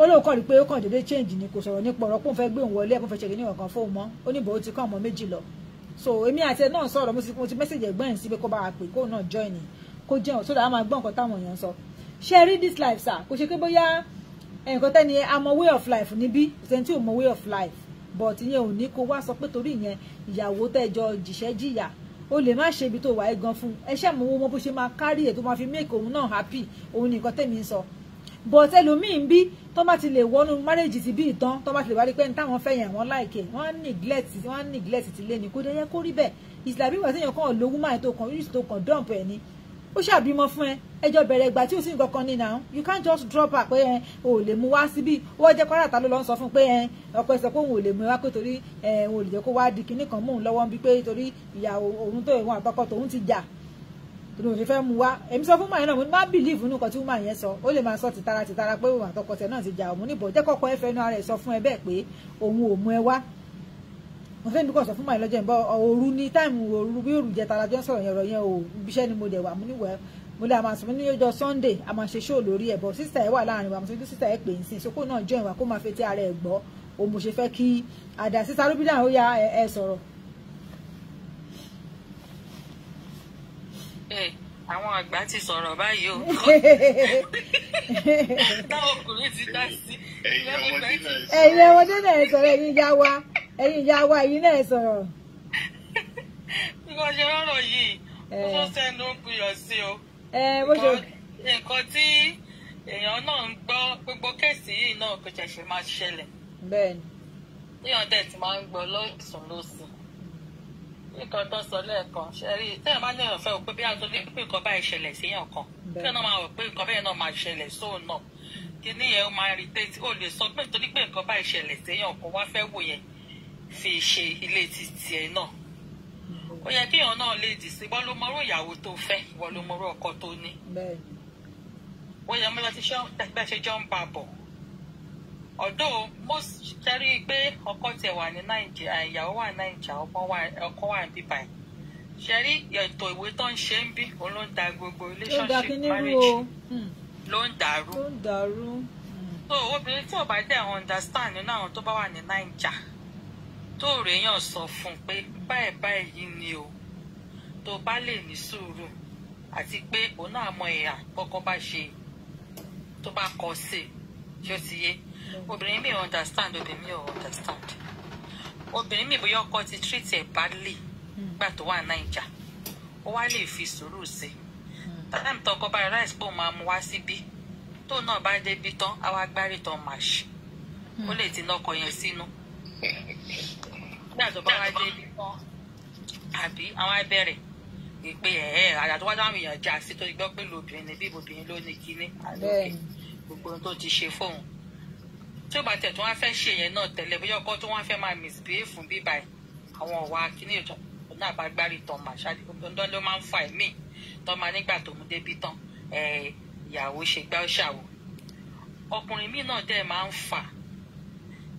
Speaker 1: ó lóun kọ́ rí i pé ó kàn déédéé change ni kò sọ̀rọ̀ nípa ọ̀rọ̀ pé òun fẹ́ gbé òun wọlé ẹ̀ kó fẹ́ ṣe kìíní ọ̀kan fóun mọ́ ó ní bọ̀ ó ti kọ́ ọmọ méjì lọ so èmi àti ẹ náà sọ̀rọ̀ mo ti mẹ́sẹ̀jì ẹ̀gbọ́n yìí síbi kó bá wa pè kóun náà join ni kó jẹun sódà á máa gbọ́ nǹkan táwọn èèyàn sọ ṣe rí this life sir kò ṣe pé bóyá nǹkan tẹ́ni a mọ way of life níbí kò sẹ́ni tí ò mọ way of life but ìyẹn ò ní kó wá sọ pé torí ìyẹn ìyàwó tẹ́jọ jìṣẹ́ jìyà o lè má ṣe ibi tó wà é gan fún ẹ ṣe àmọ́ wọn bó ṣe máa kárí ètò máa fi make òun náà happy òun nìkan tẹ̀mí ń sọ but ẹlòmíín bí tó bá ti lè wọnú márèjì ti bí ìtàn tó bá ti lè wá rí pé táwọn fẹ́ yẹn wọ́n láìkè wọ́n neglect wọ́n neglect ti lé ní kó dé yẹ kó rí bẹ́ẹ̀ ìsìlábí wà sí yẹn kàn lówó máa tó kàn yúùsì tó kàn dọ́ǹpù ẹ̀ ni ó ṣàbímọ fún ẹ ẹjọ bẹ̀rẹ̀ ìgbà tí ò sí nǹkan kan ní nà án you can't just drop her pé ẹ ò lè mú wá síbí wọ́n jẹ́ kọ́ra ta ló lọ́ sọ fún pé ẹ ọ̀pẹ sọ pé òun ò lè mú wá pé torí ẹ òun ò lè jẹ́ kó wá di kinní kan mú òun lọ́wọ́ ń bí pé torí ìyá òun tó ìwọ̀n àtọkọ tòun ti jà torí òun ṣe fẹ́ mu wá èmi sọ fún màyẹn náà mo má bìlíìfù nínú nǹkan tí wọ́n yẹn sọ ó lè máa sọ tìtara tìtara pé òun àtọkọ tẹ̀ náà ti jà òun níbọ̀ jẹ́ kọ́kọ́ ẹ fẹnu ara ẹ̀ sọ fún ẹ bẹ́ẹ̀ pé òun ò mú ẹ wá mo fẹ́ ní kò sọ fún màá lọ́jọ́ ìbọn òru ní táìmù òru bí òru jẹta lájọ́ sọ̀rọ̀ yẹn ọ̀rọ̀ yẹn o ibiṣẹ́ ni mo dẹ̀ wà mo ní wẹ̀ mo lè àmà sùn ní ọjọ́ Sunday a máa ṣe ṣóò lórí ẹ̀ bọ̀ sísà ẹ̀ wà láàrin wa mo sọ sísà ẹ̀ pè ń sìn sókò náà jọ ìwà kó máa fetí ara ẹ̀ gbọ́ o mo ṣe fẹ́ kí àdá sísà rúbílà ó ya ẹ sọ̀rọ̀.
Speaker 3: àwọn àgbà ti sọ̀rọ̀ báyìí o táwọn ọkùnrin ti dá sí
Speaker 1: ẹ̀yin ọmọdé náà ẹ sọ̀rọ̀ ẹ̀yin yá wa ẹ̀yin ìyá wa ẹ̀yin náà sọ̀rọ̀.
Speaker 3: bí mo ṣe rọrọ yìí mo tó sẹnu gbìyànjú sí o. nǹkan tí èèyàn náà ń gbọ́ gbogbo kéèsì yìí náà kò ṣẹ̀ṣẹ̀ máa ṣẹlẹ̀. bẹ́ẹ̀ni. èèyàn dẹ̀ ti máa ń gbọ́ lọ́sùn lọ́sùn. nǹkan tó sọ lẹ́ẹ̀kan ṣẹ́rí tẹ́yàn bá lẹ́yìn ọ̀fẹ́ òpin bí a tó lè pín nǹkan báyìí ṣẹlẹ̀ síyàn kan kí wọ́n máa rò pé nǹkan bẹ́ẹ̀ náà máa ṣẹlẹ̀ sóun náà kí níyẹn ó máa rí tẹ́tí ó lè sọ pé nítorí pé nǹkan báyìí ṣẹlẹ̀ síyàn kan wá fẹ́ wò yẹn fi ṣe ilé títì ẹ náà ó yẹ kéèyàn náà lè dì sí ìwọ ló mọrú ìyàwó tó fẹ́ ìwọ ló mọrú ọkọ tó ní ó yẹ mo lọ bẹ́ẹ̀ ṣe jọ ń bá bọ̀ ọ̀dọ́ mo tẹ́rí pé ọkọ tẹ̀ wà ní nàìjíríà ìyàwó wà ní nàìjíríà ọkọ wà ní bíbá yìí ṣẹ́rí ètò ìwé tó ń ṣe ń bí ló ń da gbogbo relationship marriage hmm. ló ń dàrú
Speaker 1: hmm.
Speaker 3: so obìnrin tí ò bá dẹ̀ understand nínú àwọn tó bá wà ní nàìjíríà tó rèéyàn sọ fún un pé báyìí báyìí yìí ni o tó bá lè ní sùúrù àti pé òun náà mọ ìhà kọ́kọ́ bá ṣe tó bá kọ sí ṣé ó ti yé obìnrin mi understand obìnrin mi ò understand obìnrin mi bóyá ọkọ ti treat ẹ̀ badly gbà tó wà Naija ó wá lè fi sùúrù sí táwọn tọkọ bá rice bò máa mú wá síbí tóun náà bá débi tán á wá gbárí tán màṣí ó lè ti nọkọ yẹn sínú nígbà tó bá wá dé ilé wọn àbí àwọn abẹ́rẹ́ ìpè ẹ̀ẹ́ àdàtú wájú àwọn èèyàn jà sí tó gbọ́ pé lóbìnrin ni bí obìnrin ló ní kíní àlókè gbogbo ohun tó ti ṣe fóun tí ó bá tẹ̀ tó wá fẹ́ ṣe yẹn náà tẹ́lẹ̀ bóyá ọkọ tó wá fẹ́ máa misbehave fún bíbá ẹ̀ àwọn ọ̀wà kíní ìtàn náà bá gbárí tán mà ṣáà dandan ló máa ń fa ẹ̀mí tán máa nígbà tó mú débi tán ìyàwó ṣe gbá ṣàwò ọkùnrin míì náà dẹ̀ máa ń fà á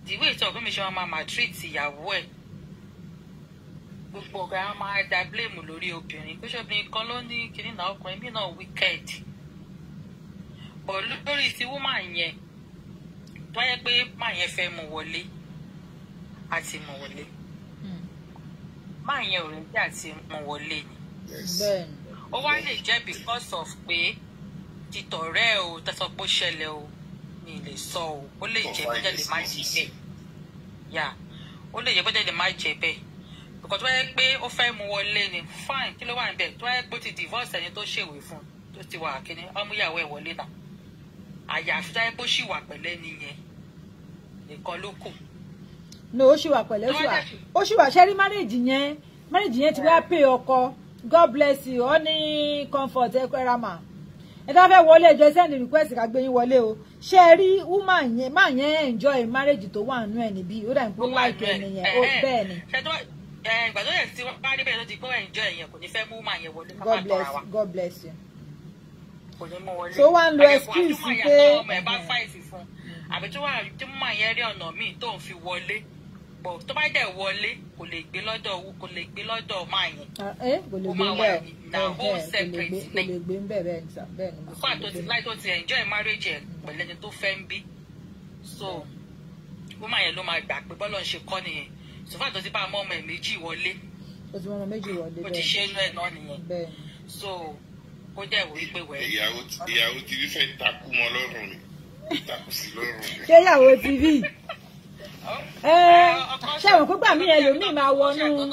Speaker 3: the way ìtọ́ ọ̀gbọ́n mi ṣe máa máa treat ìyàwó ẹ̀ gbogbo ọ̀gá máa da blame lórí obìnrin bíṣọ́bìnrin kan ló ní kinní náà ọkùnrin mí náà wicked bọ̀ lórí ti woman yẹn tó yẹ pé máa yẹn fẹ́ mú wọlé àti mú wọlé máa hmm. yẹn ò rí bí àti mú wọlé ni ó wá lè jẹ́ because of pé títọ̀rẹ́ o tẹ́sán pé ó ṣẹlẹ̀ o mi lè sọ o ó lè jẹ́ pé jẹ́ lè má jí bẹ́ẹ̀ yà ó lè yẹ bó jẹ́ lè má jẹ bẹ́ẹ̀ because tó bá yẹ pé ó fẹ́ mú wọlé ni fine kí ló wà níbẹ̀ tó bá yẹ pé ó ti divorce ẹni tó ṣèwé fún tó ti wà kíní ọmúyàwó ẹ̀ wọlé náà àyàfi tó yẹ pé ó ṣì wà pẹ̀lẹ́ nìyẹn nìkan ló kù.
Speaker 1: no ó ṣì wà pẹ̀lẹ́ ó ṣì wà ṣẹ́rí márèjì yẹn márèjì yẹn ti wá pè ọkọ God bless you ó ní comfort ẹ pẹ́ra mà ẹ tá fẹ́ wọlé ẹjọ́ send request ká gbé yín wọlé o ṣé ẹ rí woman yẹn máa yẹn enjoy marriage tó wà nínú ẹ̀ níbí ó dà ní pé ó nìyẹn ó eh, eh. bẹ́ẹ̀ ni
Speaker 3: eh, ìgbà tí wọn bá níbẹ̀ tó ti gbọ́ ẹ̀jọ́ ẹ̀yẹn kò ní fẹ́ mú yẹn wọlé ká má tọra wa. God bless you. kò ní mú wọlé. so wá ń lo excuse pé. àbí tí wọ́n gbọ́ tó bá dẹ̀ wọlé kò lè gbé lọ́dọ̀ kò lè gbé lọ́dọ̀
Speaker 1: máa yẹn ah, eh, ó máa wà na home separate ní fún àtòtí
Speaker 3: láì tó ti enjoy marriage ẹ̀ pẹ̀lú ẹni tó fẹ́ ń bí so woman, máa yẹn ló máa gbà pé bọ́lọ̀ ń ṣe kọ́ nìyẹn so fún àtòtí bá mọ́ ọmọ ẹ̀ méjì wọlé
Speaker 1: ó ti mọ́ ọmọ méjì wọlé bẹ́ẹ̀ ó ti ṣe
Speaker 3: inú so ó dẹ̀ wò wípé wẹ̀.
Speaker 2: ìyàwó TV fẹ́ takú
Speaker 1: ṣé àwọn pípa mi ẹlòmíì máa wọnú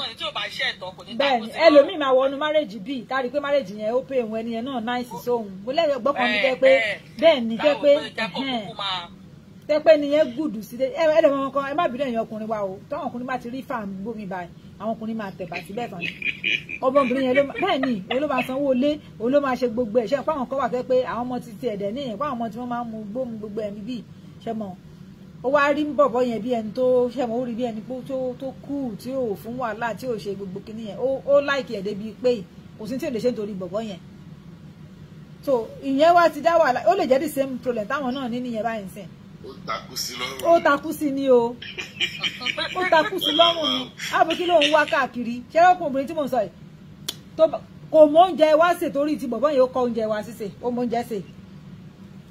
Speaker 1: bẹ́ẹ̀ni ẹlòmíì máa wọnú márèjì bíi tárí pé márèjì yẹn ó pè òun ẹni yẹn náà náìsì sóhun mo lẹ́yìn gbọ́kàn mi tẹ́ pé bẹ́ẹ̀ ni tẹ́ pé tẹ́ pé ni yẹn gùdù sí ẹ ẹ lè mọ ọkọ ẹ má bínú ẹ̀yin ọkùnrin wa o táwọn ọkùnrin bá ti rí fàm gbómi báyìí àwọn ọkùnrin máa tẹ̀bà síbẹ̀ kan ọmọbìnrin yẹn bẹ́ẹ̀ ni òun ló máa sanwó ilé òun ló máa ṣe gbogbo ẹ̀ ṣe fáwọn kan wà fẹ́ pé àwọn ọmọ ti ti ẹ̀dẹ̀ níyẹn fáwọn ọmọ tí wọ́n máa ń mu gbóhùn gbogbo ẹ̀mí bíi ṣe mọ̀ ó wá rí bọ̀bọ̀ yẹn bí ẹni tó ṣẹ̀mọ́ ó rí bí ẹni tó kú tí ò fún wàhálà tí ò ṣe gbogbo kínní yẹn ó láìkì ẹ̀ débi pé kò sí tí ò lè ṣe nítorí bọ̀bọ̀ yẹn so ìyẹn wá ti dá wàhálà ó lè jẹ́ the same problem táwọn náà ní nìyẹn báyìí sìn ó takú sí ni o ó takú sí lọ́rùn ni àbò kí ló ń wá káàkiri ṣẹ́rọ́pọ̀ obìnrin tí kò mọ oúnjẹ wá sè torí ti bọ̀bọ̀ yẹn ó kọ oúnjẹ wá sísè ó mọ oúnjẹ sè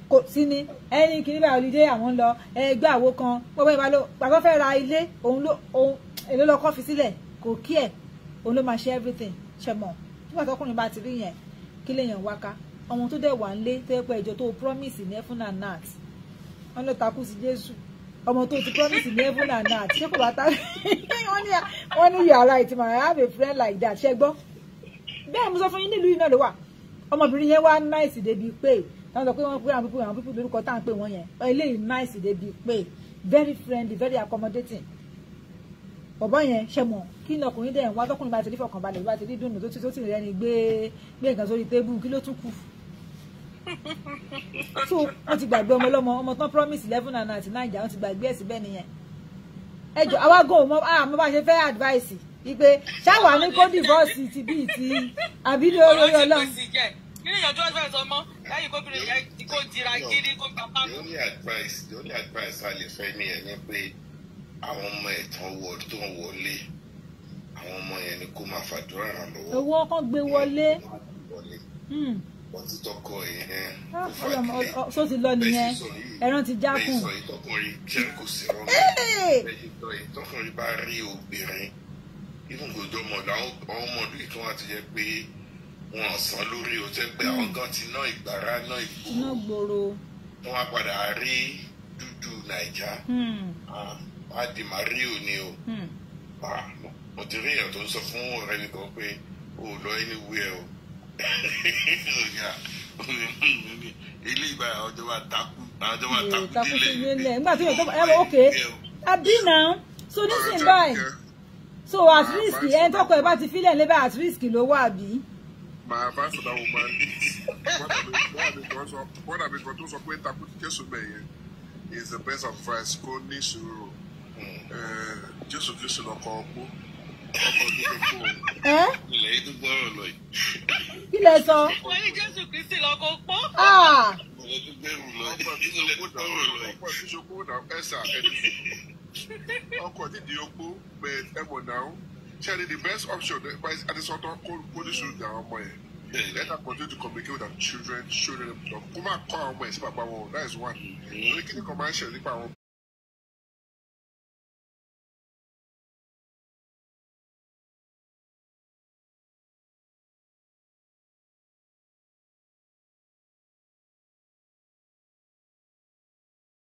Speaker 1: kò sí ni ẹyin kiri bá olùdé àwọn ń lọ ẹgbẹ́ àwo kan gbogbo ìbá ló bàbá fẹ́ ra ilé òun ló òun èló lọ́kọ́ fi sílẹ̀ kò kí ẹ̀ òun ló máa ṣe everything ṣe mọ̀ nígbà tọkùnrin bá ti rí yẹn kí lèèyàn wá ká ọmọ tó dẹ̀ wà ń lé tó yẹ pé ìjọ tó promise ní ẹfún náà nat wọn ló takú sí Jésù ọmọ tó ti promise ní ẹfún náà nat ṣé kò bá ta wọn ní yàrá ìtìmọ̀ I have a friend like that ṣe gbọ́ bẹ́ẹ̀ mo sọ fún yín nílùú yìí náà ló wà ọmọbìnrin yẹn wá náìsì débi pé táwọn sọ pé wọ́n pé àwọn pípọ̀ àwọn pípọ̀ lórúkọ táwọn pè wọ́n yẹn eléyìí nice débi pé very friendly very accommodating bọ̀bọ̀ yẹn ṣe mọ̀ kí ni ọkùnrin dẹ̀ ń wá bá ti rí fọkànbalẹ̀ bá ti rí dùnú tó ti tó ti rẹ̀ ni gbé gbé nǹkan sórí tébù kí ló tún kù so wọ́n ti gbàgbé ọmọ ọlọ́mọ ọmọ tán promise eleven and ninety nine jà wọ́n ti gbàgbé ẹ̀sìn bẹ́ẹ̀ nìyẹn ẹ jọ àwa gan ọmọ àmọ́ bá ṣe fẹ́ advice yìí pé ṣáwa ní kó divorce ti bíi ti àbí ní orí ọlọ́run
Speaker 3: the
Speaker 2: only advice the only advice a lè fẹ́ nìyẹn ni pé àwọn ọmọ ẹ̀ tán wọ tó ń wọlé àwọn ọmọ yẹn ni kó máa fàdúrà ràn
Speaker 1: lọ́wọ́. owó kan gbé wọlé. Hmm.
Speaker 2: ọtí tọkọ yẹn
Speaker 1: ah, kó fà kílẹ̀ so ti lọ nìyẹn ẹran ti jákùn. bẹ́ẹ̀ sọ
Speaker 2: ìtọkùnrin jẹ́ kò sí rọ́ọ̀mù bẹ́ẹ̀ sọ ìtọkùnrin bá rí obìnrin even gbọdọ̀ mọ̀ láwọn ọmọ ọdún ìtàn àti jẹ́ pé wọn ò san lórí o tẹ́ pé àwọn gan ti ná ìgbára ná
Speaker 1: ìgboro
Speaker 2: wọn á padà rí dúdú nàìjà hmm. á di mario ni o hmm. mo ti rí èèyàn tó ń sọ fún ọ̀rẹ́ mi kan pé o lọ anywhere o ilé ìgbà ọjọ́ wa takú ọjọ́ wa hmm,
Speaker 1: takú délẹ̀ nígbà tí yóò tó ẹ wọ òkè àbí náà so nísìnyí báyìí so at risk ẹni tọkọ ẹ bá ti fílẹ̀ lébẹ̀ at risk ló wà bí
Speaker 2: my advice to that woman is one of the tó sọ pé takùtù jésù bẹ̀yẹ is the best advice kó ní ìṣòro hmm. eh, jésù kristu lọkọ ọkọ ọkọ dúdú kó eh? ilẹ̀ yìí dúdú ọ̀rọ̀ lọ yìí.
Speaker 1: ilẹ̀ sọ. wọ́n ní jésù kristu lọkọ ọkọ. Ah! ilẹ̀ dúdú ẹrù lọ yìí ilẹ̀ dúdú ọ̀rọ̀ lọ yìí. ọkọ ìdíje okó náà ẹ̀sà ẹ̀dùn
Speaker 2: ọkọ ìdíje okó bẹ̀ẹ̀ ẹ̀mọ̀ náà. Charlie, the best option is Adesoto Kodi should down on my Let her continue to communicate with her children, show them. Kuma call my papa. That is one. Making a commercial,